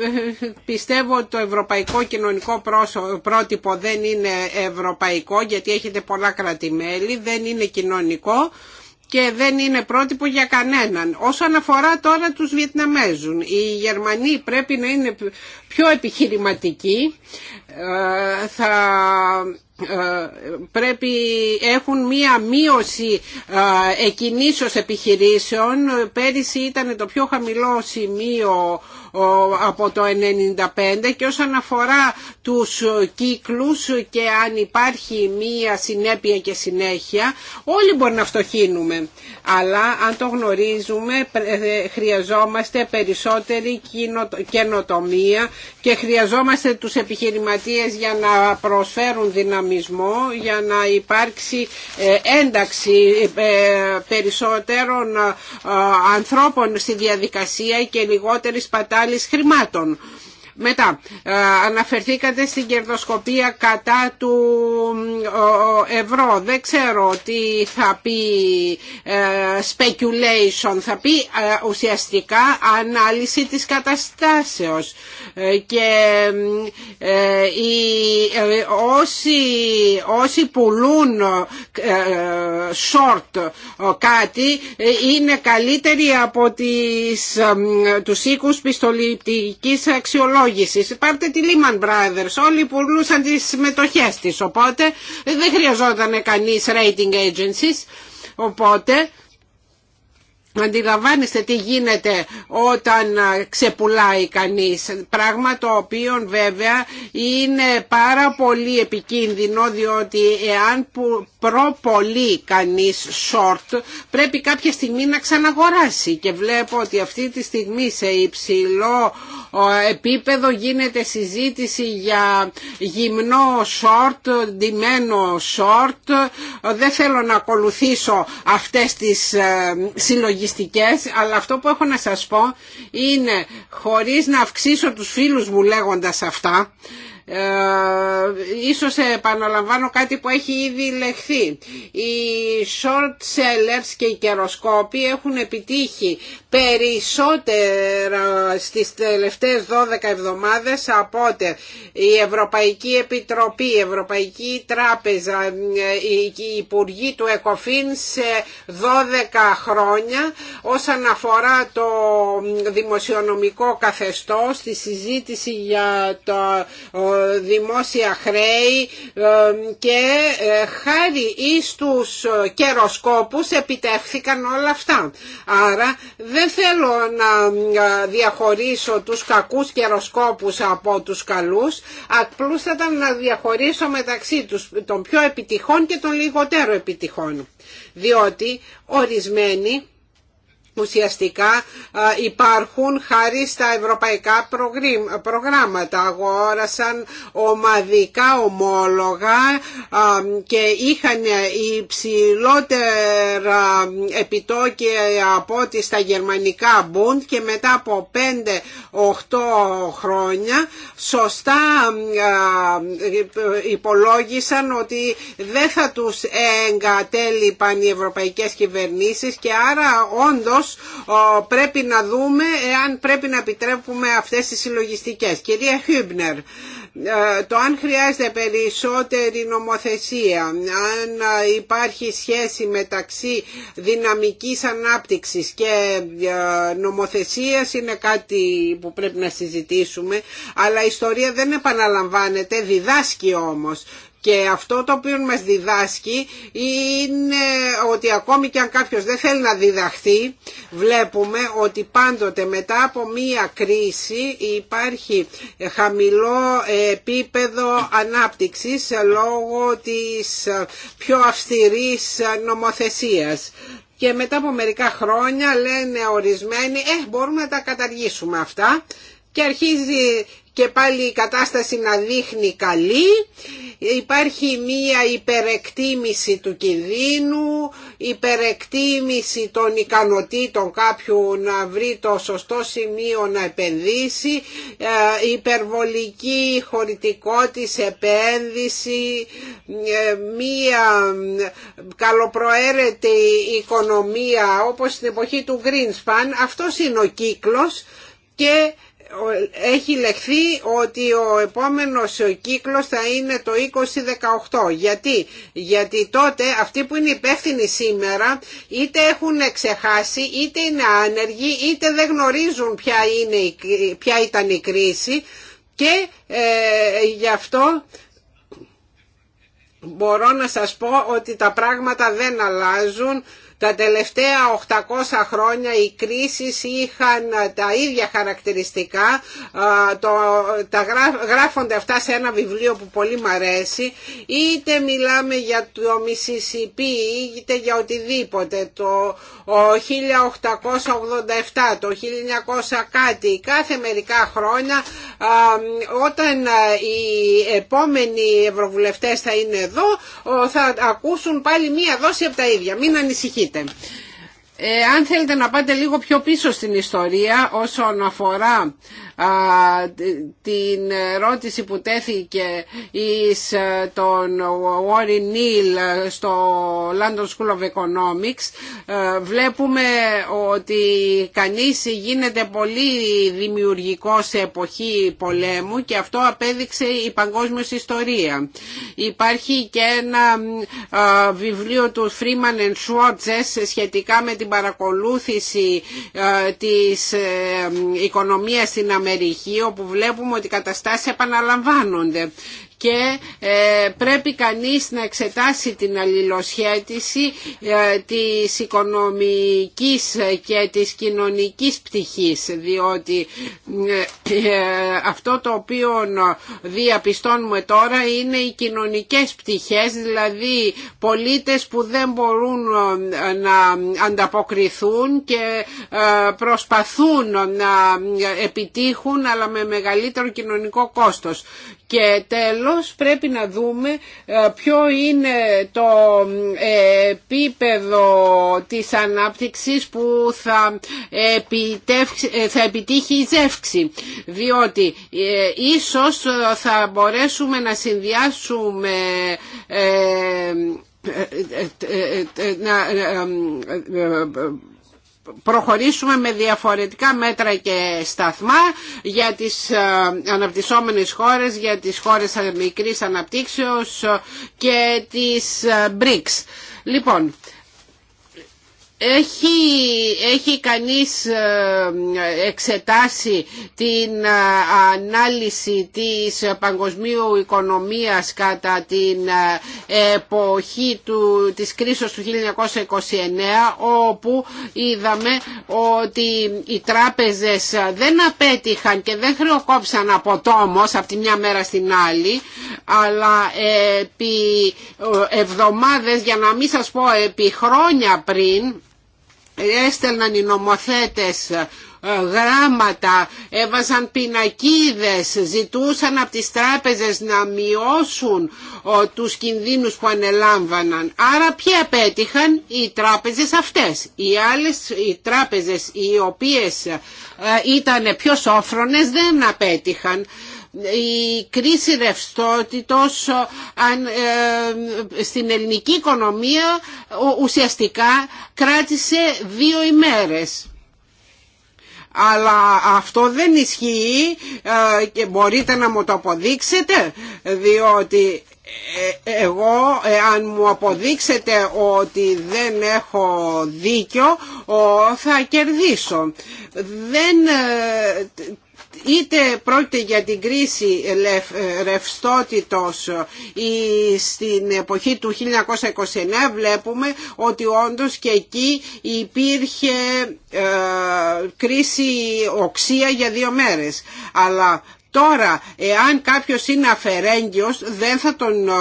ε, πιστεύω ότι το ευρωπαϊκό κοινωνικό πρότυπο δεν είναι ευρωπαϊκό γιατί έχετε πολλά κρατημέλη, δεν είναι κοινωνικό και δεν είναι πρότυπο για κανέναν. Όσον αφορά τώρα τους Βιετναμέζουν, οι Γερμανοί πρέπει να είναι πιο επιχειρηματικοί, ε, θα πρέπει έχουν μία μείωση εκινήσεως επιχειρήσεων. Πέρυσι ήταν το πιο χαμηλό σημείο από το 1995 και όσον αφορά τους κύκλους και αν υπάρχει μία συνέπεια και συνέχεια όλοι μπορεί να φτωχύνουμε αλλά αν το γνωρίζουμε ε, χρειαζόμαστε περισσότερη καινοτομία και χρειαζόμαστε τους επιχειρηματίες για να προσφέρουν δυναμικά δυναμισμό για να υπάρξει ε, ένταξη ε, περισσότερων ε, ανθρώπων στη διαδικασία και λιγότερης πατάλης χρημάτων. Μετά, αναφερθήκατε στην κερδοσκοπία κατά του ευρώ. Δεν ξέρω τι θα πει speculation, θα πει ουσιαστικά ανάλυση της καταστάσεως και ε, ε, όσοι, πουλούν ε, short κάτι είναι καλύτεροι από τις, τους οίκους πιστοληπτικής αξιολόγησης. Πάρτε τη Lehman Brothers, όλοι πουλούσαν τις συμμετοχές της, οπότε δεν χρειαζόταν κανείς rating agencies, οπότε... Αντιλαμβάνεστε τι γίνεται όταν ξεπουλάει κανείς, πράγμα το οποίο βέβαια είναι πάρα πολύ επικίνδυνο διότι εάν προπολεί κανείς short πρέπει κάποια στιγμή να ξαναγοράσει και βλέπω ότι αυτή τη στιγμή σε υψηλό επίπεδο γίνεται συζήτηση για γυμνό short, ντυμένο short. Δεν θέλω να ακολουθήσω αυτές τις συλλογικές αλλά αυτό που έχω να σας πω είναι χωρίς να αυξήσω τους φίλους μου λέγοντας αυτά, ε, ίσως επαναλαμβάνω κάτι που έχει ήδη λεχθεί. Οι short sellers και οι καιροσκόποι έχουν επιτύχει περισσότερα στις τελευταίες 12 εβδομάδες από η Ευρωπαϊκή Επιτροπή, η Ευρωπαϊκή Τράπεζα, ε, οι Υπουργοί του ΕΚΟΦΗΝ σε 12 χρόνια όσον αφορά το δημοσιονομικό καθεστώς, τη συζήτηση για το δημόσια χρέη ε, και ε, χάρη εις τους καιροσκόπους επιτεύχθηκαν όλα αυτά. Άρα δεν θέλω να ε, διαχωρίσω τους κακούς καιροσκόπους από τους καλούς, απλούστατα να διαχωρίσω μεταξύ τους των πιο επιτυχών και των λιγότερο επιτυχών. Διότι ορισμένοι ουσιαστικά υπάρχουν χάρη στα ευρωπαϊκά προγράμματα. Αγόρασαν ομαδικά ομόλογα και είχαν υψηλότερα επιτόκια από ό,τι στα γερμανικά Bund και μετά από 5-8 χρόνια σωστά υπολόγισαν ότι δεν θα τους εγκατέλειπαν οι ευρωπαϊκές κυβερνήσεις και άρα όντως ε, πρέπει να δούμε εάν πρέπει να επιτρέπουμε αυτές τις συλλογιστικές. Κυρία Χίμπνερ, ε, το αν χρειάζεται περισσότερη νομοθεσία, αν ε, υπάρχει σχέση μεταξύ δυναμικής ανάπτυξης και νομοθεσίας είναι κάτι που πρέπει να συζητήσουμε, αλλά η ιστορία δεν επαναλαμβάνεται, διδάσκει όμως. Και αυτό το οποίο μας διδάσκει είναι ότι ακόμη και αν κάποιος δεν θέλει να διδαχθεί, βλέπουμε ότι πάντοτε μετά από μία κρίση υπάρχει χαμηλό επίπεδο ανάπτυξης λόγω της πιο αυστηρής νομοθεσίας. Και μετά από μερικά χρόνια λένε ορισμένοι, ε, μπορούμε να τα καταργήσουμε αυτά και αρχίζει και πάλι η κατάσταση να δείχνει καλή, υπάρχει μία υπερεκτίμηση του κινδύνου, υπερεκτίμηση των ικανοτήτων κάποιου να βρει το σωστό σημείο να επενδύσει, ε, υπερβολική χωρητικότης επένδυση, ε, μία καλοπροαίρετη οικονομία όπως στην εποχή του Greenspan, αυτός είναι ο κύκλος και έχει λεχθεί ότι ο επόμενος κύκλος θα είναι το 2018. Γιατί? Γιατί τότε αυτοί που είναι υπεύθυνοι σήμερα είτε έχουν ξεχάσει, είτε είναι άνεργοι, είτε δεν γνωρίζουν ποια, είναι, ποια ήταν η κρίση και ε, γι' αυτό μπορώ να σας πω ότι τα πράγματα δεν αλλάζουν τα τελευταία 800 χρόνια οι κρίσεις είχαν τα ίδια χαρακτηριστικά. Το, τα γράφονται αυτά σε ένα βιβλίο που πολύ μ' αρέσει. Είτε μιλάμε για το Μισισιπί, είτε για οτιδήποτε. Το 1887, το 1900 κάτι, κάθε μερικά χρόνια όταν οι επόμενοι ευρωβουλευτές θα είναι εδώ θα ακούσουν πάλι μία δόση από τα ίδια. Μην ανησυχείτε. Ευχαριστώ. Ε, αν θέλετε να πάτε λίγο πιο πίσω στην ιστορία όσον αφορά την ερώτηση που τέθηκε εις ε, τον Warren Neal ε, στο London School of Economics βλέπουμε ότι κανείς γίνεται πολύ δημιουργικό σε εποχή πολέμου και αυτό απέδειξε η παγκόσμια ιστορία. Υπάρχει και ένα βιβλίο του Freeman and Schwartz σχετικά με την την παρακολούθηση ε, της ε, ε, οικονομίας στην Αμερική όπου βλέπουμε ότι οι καταστάσεις επαναλαμβάνονται και ε, πρέπει κανείς να εξετάσει την αλληλοσχέτιση ε, της οικονομικής και της κοινωνικής πτυχής διότι ε, αυτό το οποίο διαπιστώνουμε τώρα είναι οι κοινωνικές πτυχές δηλαδή πολίτες που δεν μπορούν να ανταποκριθούν και προσπαθούν να επιτύχουν αλλά με μεγαλύτερο κοινωνικό κόστος και τέλος πρέπει να δούμε ε, ποιο είναι το ε, επίπεδο της ανάπτυξης που θα, ε, θα επιτύχει η ζεύξη. Διότι ίσως θα μπορέσουμε να συνδυάσουμε προχωρήσουμε με διαφορετικά μέτρα και σταθμά για τις ε, αναπτυσσόμενες χώρες, για τις χώρες μικρής αναπτύξεως και τις ε, BRICS. Λοιπόν, έχει, έχει κανείς ε, εξετάσει την ε, ανάλυση της παγκοσμίου οικονομίας κατά την ε, εποχή του, της κρίσης του 1929 όπου είδαμε ότι οι τράπεζες δεν απέτυχαν και δεν χρεοκόψαν από τόμος από τη μια μέρα στην άλλη αλλά επί εβδομάδες για να μην σας πω επί χρόνια πριν έστελναν οι νομοθέτες ε, γράμματα, έβαζαν πινακίδες, ζητούσαν από τις τράπεζες να μειώσουν τους κινδύνους που ανελάμβαναν. Άρα ποιοι απέτυχαν οι τράπεζες αυτές. Οι άλλες οι τράπεζες οι οποίες ε, ήταν πιο σόφρονες δεν απέτυχαν η κρίση ρευστότητος ε, στην ελληνική οικονομία ουσιαστικά κράτησε δύο ημέρες. Αλλά αυτό δεν ισχύει ε, και μπορείτε να μου το αποδείξετε διότι ε, εγώ αν μου αποδείξετε ότι δεν έχω δίκιο θα κερδίσω. Δεν είτε πρόκειται για την κρίση ρευστότητος ή στην εποχή του 1929 βλέπουμε ότι όντως και εκεί υπήρχε ε, κρίση οξία για δύο μέρες. Αλλά Τώρα, εάν κάποιος είναι αφερέγγιος δεν θα τον ε,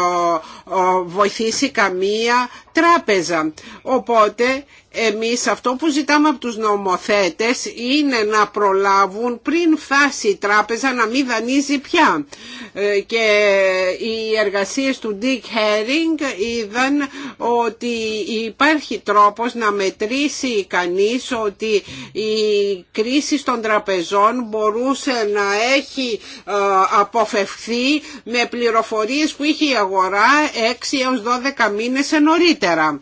βοηθήσει καμία τράπεζα. Οπότε εμείς αυτό που ζητάμε από τους νομοθέτες είναι να προλάβουν πριν φτάσει η τράπεζα να μην δανείζει πια. Ε, και οι εργασίες του Dick Herring είδαν ότι υπάρχει τρόπος να μετρήσει κανείς ότι η κρίση των τραπεζών μπορούσε να έχει ε, αποφευθεί με πληροφορίες που είχε η αγορά 6 έως 12 μήνες νωρίτερα.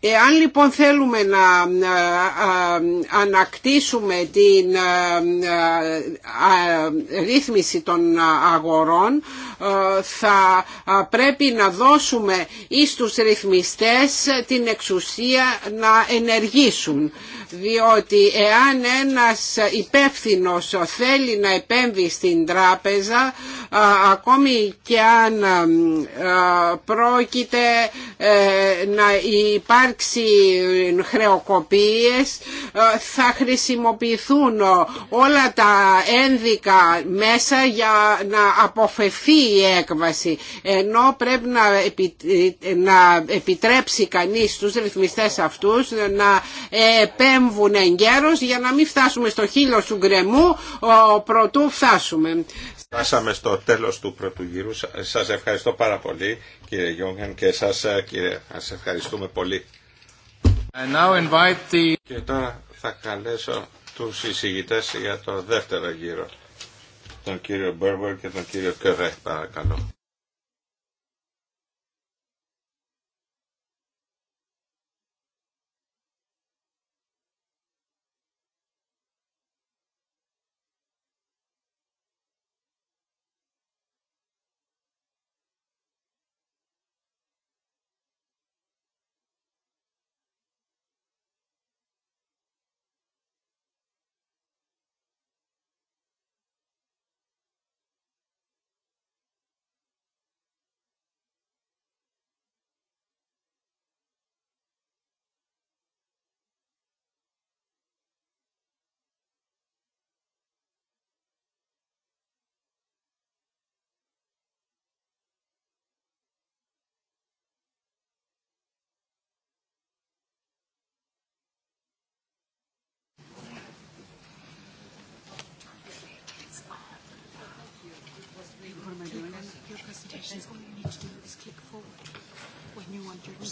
Εάν λοιπόν θέλουμε να ανακτήσουμε την ρύθμιση των αγορών θα πρέπει να δώσουμε εις τους ρυθμιστές την εξουσία να ενεργήσουν διότι εάν ένας υπεύθυνος θέλει να επέμβει στην τράπεζα ακόμη και αν πρόκειται ε, να υπάρξει χρεοκοπίες θα χρησιμοποιηθούν όλα τα ένδικα μέσα για να αποφευθεί η έκβαση ενώ πρέπει να επιτρέψει κανείς τους ρυθμιστές αυτούς να επέμβουν παρέμβουν για να μην φτάσουμε στο χείλο του γκρεμού πρωτού φτάσουμε. Φτάσαμε στο τέλος του πρώτου γύρου. Σας ευχαριστώ πάρα πολύ κύριε Γιόγκαν και σας ε, κύριε, σας ευχαριστούμε πολύ. the... Και τώρα θα καλέσω τους εισηγητές για το δεύτερο γύρο. Τον κύριο Μπέρμπερ και τον κύριο Κεβέ, παρακαλώ.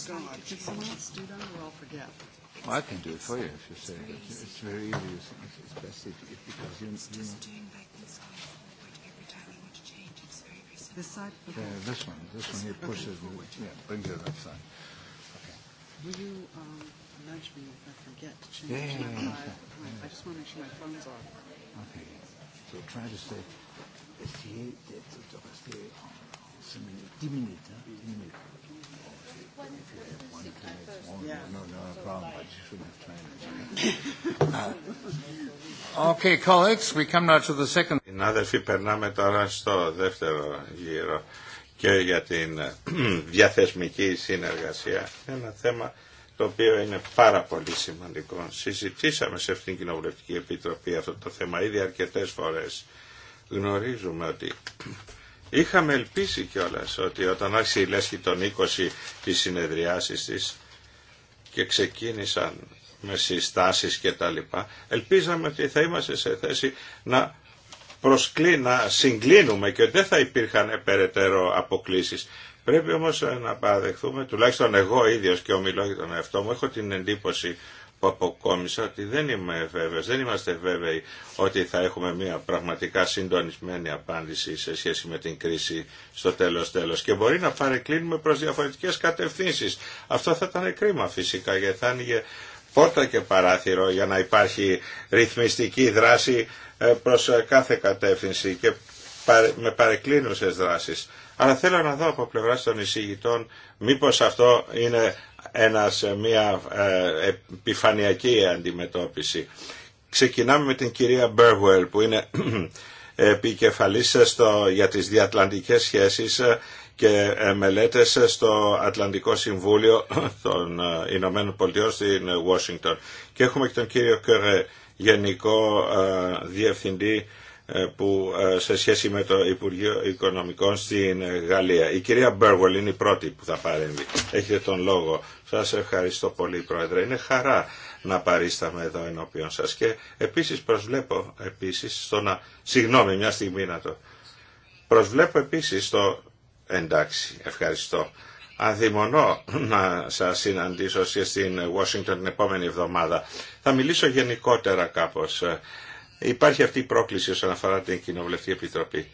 I can do it for you if you say It's very easy. It's best if because you. Just this change. This side. one. This one you push it. Yeah, bring it that side. Okay. Will you me if I forget to change? I just want to make my Okay. So try to stay. Essayer Okay, Συνάδελφοι, περνάμε τώρα στο δεύτερο γύρο και για την διαθεσμική συνεργασία. Ένα θέμα το οποίο είναι πάρα πολύ σημαντικό. Συζητήσαμε σε αυτήν την Κοινοβουλευτική Επιτροπή αυτό το θέμα ήδη αρκετές φορές. Γνωρίζουμε ότι Είχαμε ελπίσει κιόλα ότι όταν άρχισε η λέσχη των 20 τις συνεδριάσεις της και ξεκίνησαν με συστάσεις και τα λοιπά, ελπίζαμε ότι θα είμαστε σε θέση να προσκλεί, να συγκλίνουμε και ότι δεν θα υπήρχαν περαιτέρω αποκλήσεις. Πρέπει όμως να παραδεχθούμε, τουλάχιστον εγώ ίδιος και ομιλώ για τον εαυτό μου, έχω την εντύπωση που αποκόμισα ότι δεν είμαι βέβαιος, δεν είμαστε βέβαιοι ότι θα έχουμε μια πραγματικά συντονισμένη απάντηση σε σχέση με την κρίση στο τέλος τέλος και μπορεί να παρεκκλίνουμε προς διαφορετικές κατευθύνσεις. Αυτό θα ήταν κρίμα φυσικά γιατί θα άνοιγε πόρτα και παράθυρο για να υπάρχει ρυθμιστική δράση ε, προς ε, κάθε κατεύθυνση και με παρεκκλίνουσες δράσεις. Αλλά θέλω να δω από πλευράς των εισηγητών μήπως αυτό είναι ένας, μια ε, επιφανειακή αντιμετώπιση. Ξεκινάμε με την κυρία Μπερβουέλ που είναι επικεφαλής στο, για τις διατλαντικές σχέσεις και ε, μελέτες στο Ατλαντικό Συμβούλιο των ε, Ηνωμένων Πολιτειών στην Ουάσιγκτον. Και έχουμε και τον κύριο Κερέ, Γενικό Διευθυντή ε, που ε, σε σχέση με το Υπουργείο Οικονομικών στην ε, Γαλλία. Η κυρία Μπέρβολ είναι η πρώτη που θα παρέμβει. Έχετε τον λόγο. Σας ευχαριστώ πολύ Πρόεδρε. Είναι χαρά να παρίσταμε εδώ ενώπιον σας και επίσης προσβλέπω επίσης στο να... Συγγνώμη μια στιγμή να το... Προσβλέπω επίσης στο... Εντάξει, ευχαριστώ. Ανθυμονώ να σας συναντήσω και στην Washington την επόμενη εβδομάδα. Θα μιλήσω γενικότερα κάπως Υπάρχει αυτή η πρόκληση όσον αφορά την Κοινοβουλευτική Επιτροπή.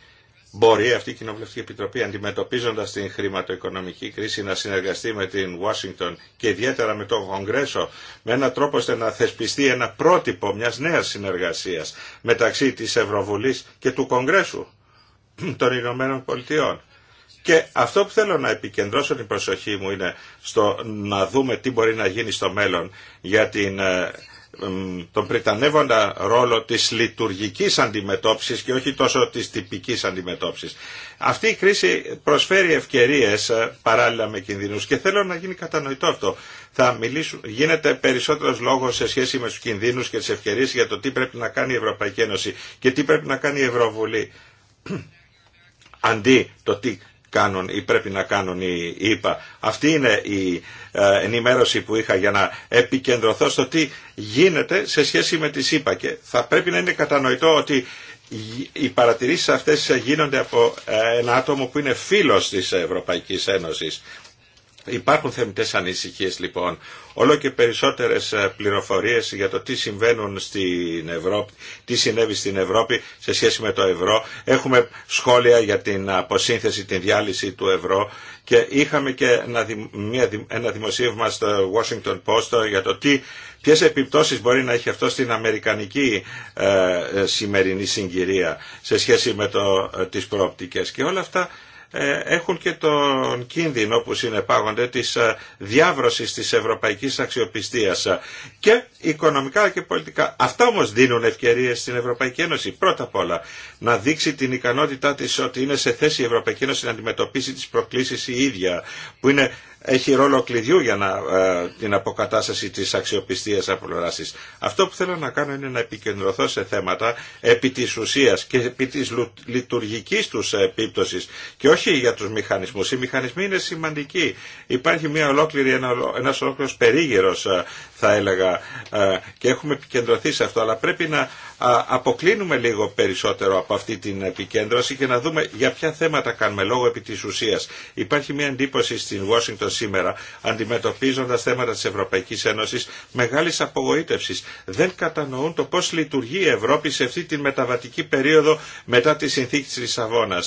Μπορεί αυτή η Κοινοβουλευτική Επιτροπή αντιμετωπίζοντα την χρηματοοικονομική κρίση να συνεργαστεί με την Ουάσιγκτον και ιδιαίτερα με το Κογκρέσο με έναν τρόπο ώστε να θεσπιστεί ένα πρότυπο μια νέα συνεργασία μεταξύ τη Ευρωβουλή και του Κογκρέσου των Ηνωμένων Πολιτειών. Και αυτό που θέλω να επικεντρώσω την προσοχή μου είναι στο να δούμε τι μπορεί να γίνει στο μέλλον για την ε, τον πριτανεύοντα ρόλο της λειτουργικής αντιμετώπισης και όχι τόσο της τυπικής αντιμετώπισης. Αυτή η κρίση προσφέρει ευκαιρίες ε, παράλληλα με κινδύνους και θέλω να γίνει κατανοητό αυτό. Θα μιλήσω. γίνεται περισσότερος λόγος σε σχέση με τους κινδύνους και τις ευκαιρίες για το τι πρέπει να κάνει η Ευρωπαϊκή Ένωση και τι πρέπει να κάνει η Ευρωβουλή αντί το τι κάνουν ή πρέπει να κάνουν η ΙΠΑ. Αυτή είναι η ε, ενημέρωση που είχα για να επικεντρωθώ στο τι γίνεται σε σχέση με τις ΙΠΑ και θα πρέπει να είναι κατανοητό ότι οι παρατηρήσεις αυτές γίνονται από ένα άτομο που είναι φίλος της Ευρωπαϊκής Ένωσης Υπάρχουν θεμητέ ανησυχίες λοιπόν. Όλο και περισσότερες ε, πληροφορίες για το τι συμβαίνουν στην Ευρώπη, τι συνέβη στην Ευρώπη σε σχέση με το ευρώ. Έχουμε σχόλια για την αποσύνθεση, την διάλυση του ευρώ και είχαμε και ένα δημοσίευμα στο Washington Post για το τι Ποιε επιπτώσει μπορεί να έχει αυτό στην αμερικανική ε, ε, σημερινή συγκυρία σε σχέση με το, ε, τις προοπτικές. Και όλα αυτά ε, έχουν και τον κίνδυνο που συνεπάγονται της ε, διάβρωσης της ευρωπαϊκής αξιοπιστίας ε, και οικονομικά και πολιτικά. Αυτά όμως δίνουν ευκαιρίες στην Ευρωπαϊκή Ένωση. Πρώτα απ' όλα να δείξει την ικανότητά της ότι είναι σε θέση η Ευρωπαϊκή Ένωση να αντιμετωπίσει τις προκλήσεις η ίδια που είναι έχει ρόλο κλειδιού για να, ε, την αποκατάσταση της αξιοπιστίας απολοράσης. Αυτό που θέλω να κάνω είναι να επικεντρωθώ σε θέματα επί της ουσίας και επί της λειτουργικής τους επίπτωσης και όχι για τους μηχανισμούς. Οι μηχανισμοί είναι σημαντικοί. Υπάρχει μια ολόκληρη, ένα, ένας ολόκληρος περίγυρος ε, θα έλεγα ε, και έχουμε επικεντρωθεί σε αυτό αλλά πρέπει να αποκλίνουμε λίγο περισσότερο από αυτή την επικέντρωση και να δούμε για ποια θέματα κάνουμε λόγο επί της ουσίας. Υπάρχει μια εντύπωση στην Washington σήμερα, αντιμετωπίζοντας θέματα της Ευρωπαϊκής Ένωσης, μεγάλης απογοήτευσης. Δεν κατανοούν το πώς λειτουργεί η Ευρώπη σε αυτή την μεταβατική περίοδο μετά τη συνθήκη της Λισαβόνα.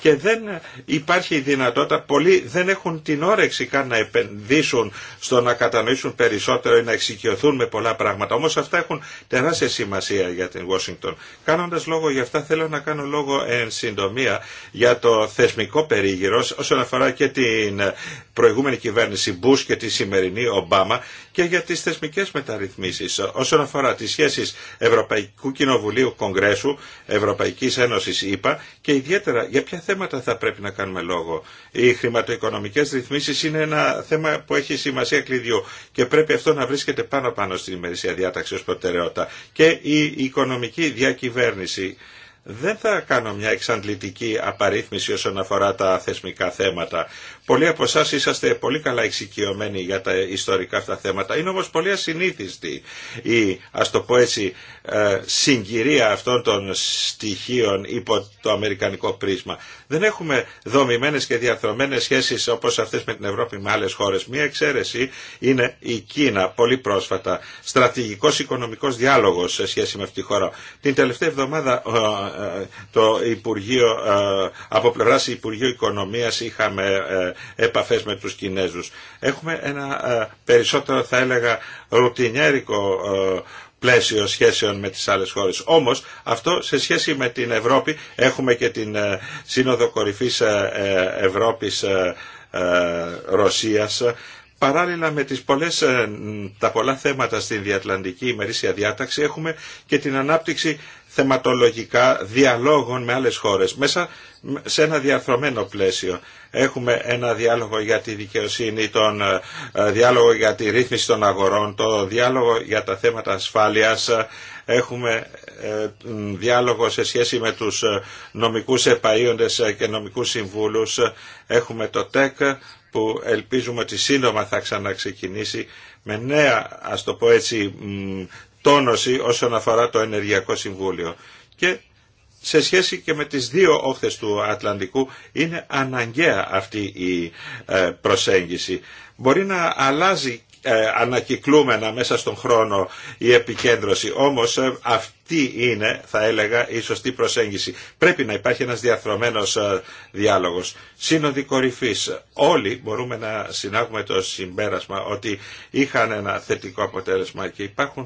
και δεν υπάρχει η δυνατότητα, πολλοί δεν έχουν την όρεξη καν να επενδύσουν στο να κατανοήσουν περισσότερο ή να εξοικειωθούν με πολλά πράγματα. Όμω αυτά έχουν τεράστια σημασία την Washington. Κάνοντας λόγο για αυτά θέλω να κάνω λόγο εν συντομία για το θεσμικό περίγυρο όσον αφορά και την ε, προηγούμενη κυβέρνηση Μπού και τη σημερινή Ομπάμα και για τις θεσμικές μεταρρυθμίσεις ε, όσον αφορά τις σχέσεις Ευρωπαϊκού Κοινοβουλίου Κογκρέσου, Ευρωπαϊκής Ένωσης ΗΠΑ και ιδιαίτερα για ποια θέματα θα πρέπει να κάνουμε λόγο. Οι χρηματοοικονομικές ρυθμίσεις είναι ένα θέμα που έχει σημασία κλειδιού και πρέπει αυτό να βρίσκεται πάνω πάνω στην ημερησία διάταξη προτεραιότητα. Και η οικονομική διακυβέρνηση. Δεν θα κάνω μια εξαντλητική απαρίθμηση όσον αφορά τα θεσμικά θέματα. Πολλοί από εσά είσαστε πολύ καλά εξοικειωμένοι για τα ιστορικά αυτά θέματα. Είναι όμω πολύ ασυνήθιστη η, α το πω έτσι, ε, συγκυρία αυτών των στοιχείων υπό το αμερικανικό πρίσμα. Δεν έχουμε δομημένες και διαθρωμένε σχέσει όπω αυτέ με την Ευρώπη με άλλε χώρε. Μία εξαίρεση είναι η Κίνα πολύ πρόσφατα. Στρατηγικό οικονομικό διάλογο σε σχέση με αυτή τη χώρα. Την τελευταία εβδομάδα ε, ε, το Υπουργείο, από πλευρά Υπουργείου Οικονομία είχαμε επαφές με τους Κινέζους. Έχουμε ένα ε, περισσότερο θα έλεγα ρουτινιέρικο ε, πλαίσιο σχέσεων με τις άλλες χώρες. Όμως αυτό σε σχέση με την Ευρώπη έχουμε και την ε, Σύνοδο Κορυφής Ευρώπης Ρωσίας Παράλληλα με τις πολλές, τα πολλά θέματα στην διατλαντική ημερήσια διάταξη έχουμε και την ανάπτυξη θεματολογικά διαλόγων με άλλες χώρες. Μέσα σε ένα διαρθρωμένο πλαίσιο. Έχουμε ένα διάλογο για τη δικαιοσύνη, τον ε, διάλογο για τη ρύθμιση των αγορών, το διάλογο για τα θέματα ασφάλειας, έχουμε ε, διάλογο σε σχέση με τους ε, νομικούς επαείοντες και νομικούς συμβούλους, έχουμε το ΤΕΚ που ελπίζουμε ότι σύντομα θα ξαναξεκινήσει με νέα, ας το πω έτσι, τόνωση όσον αφορά το Ενεργειακό Συμβούλιο. Και σε σχέση και με τις δύο όχθες του Ατλαντικού είναι αναγκαία αυτή η ε, προσέγγιση. Μπορεί να αλλάζει ε, ανακυκλούμενα μέσα στον χρόνο η επικέντρωση. Όμως ε, αυτή είναι, θα έλεγα, η σωστή προσέγγιση. Πρέπει να υπάρχει ένας διαθρωμένος διάλογος. Σύνοδοι κορυφής. Όλοι μπορούμε να συνάγουμε το συμπέρασμα ότι είχαν ένα θετικό αποτέλεσμα και υπάρχουν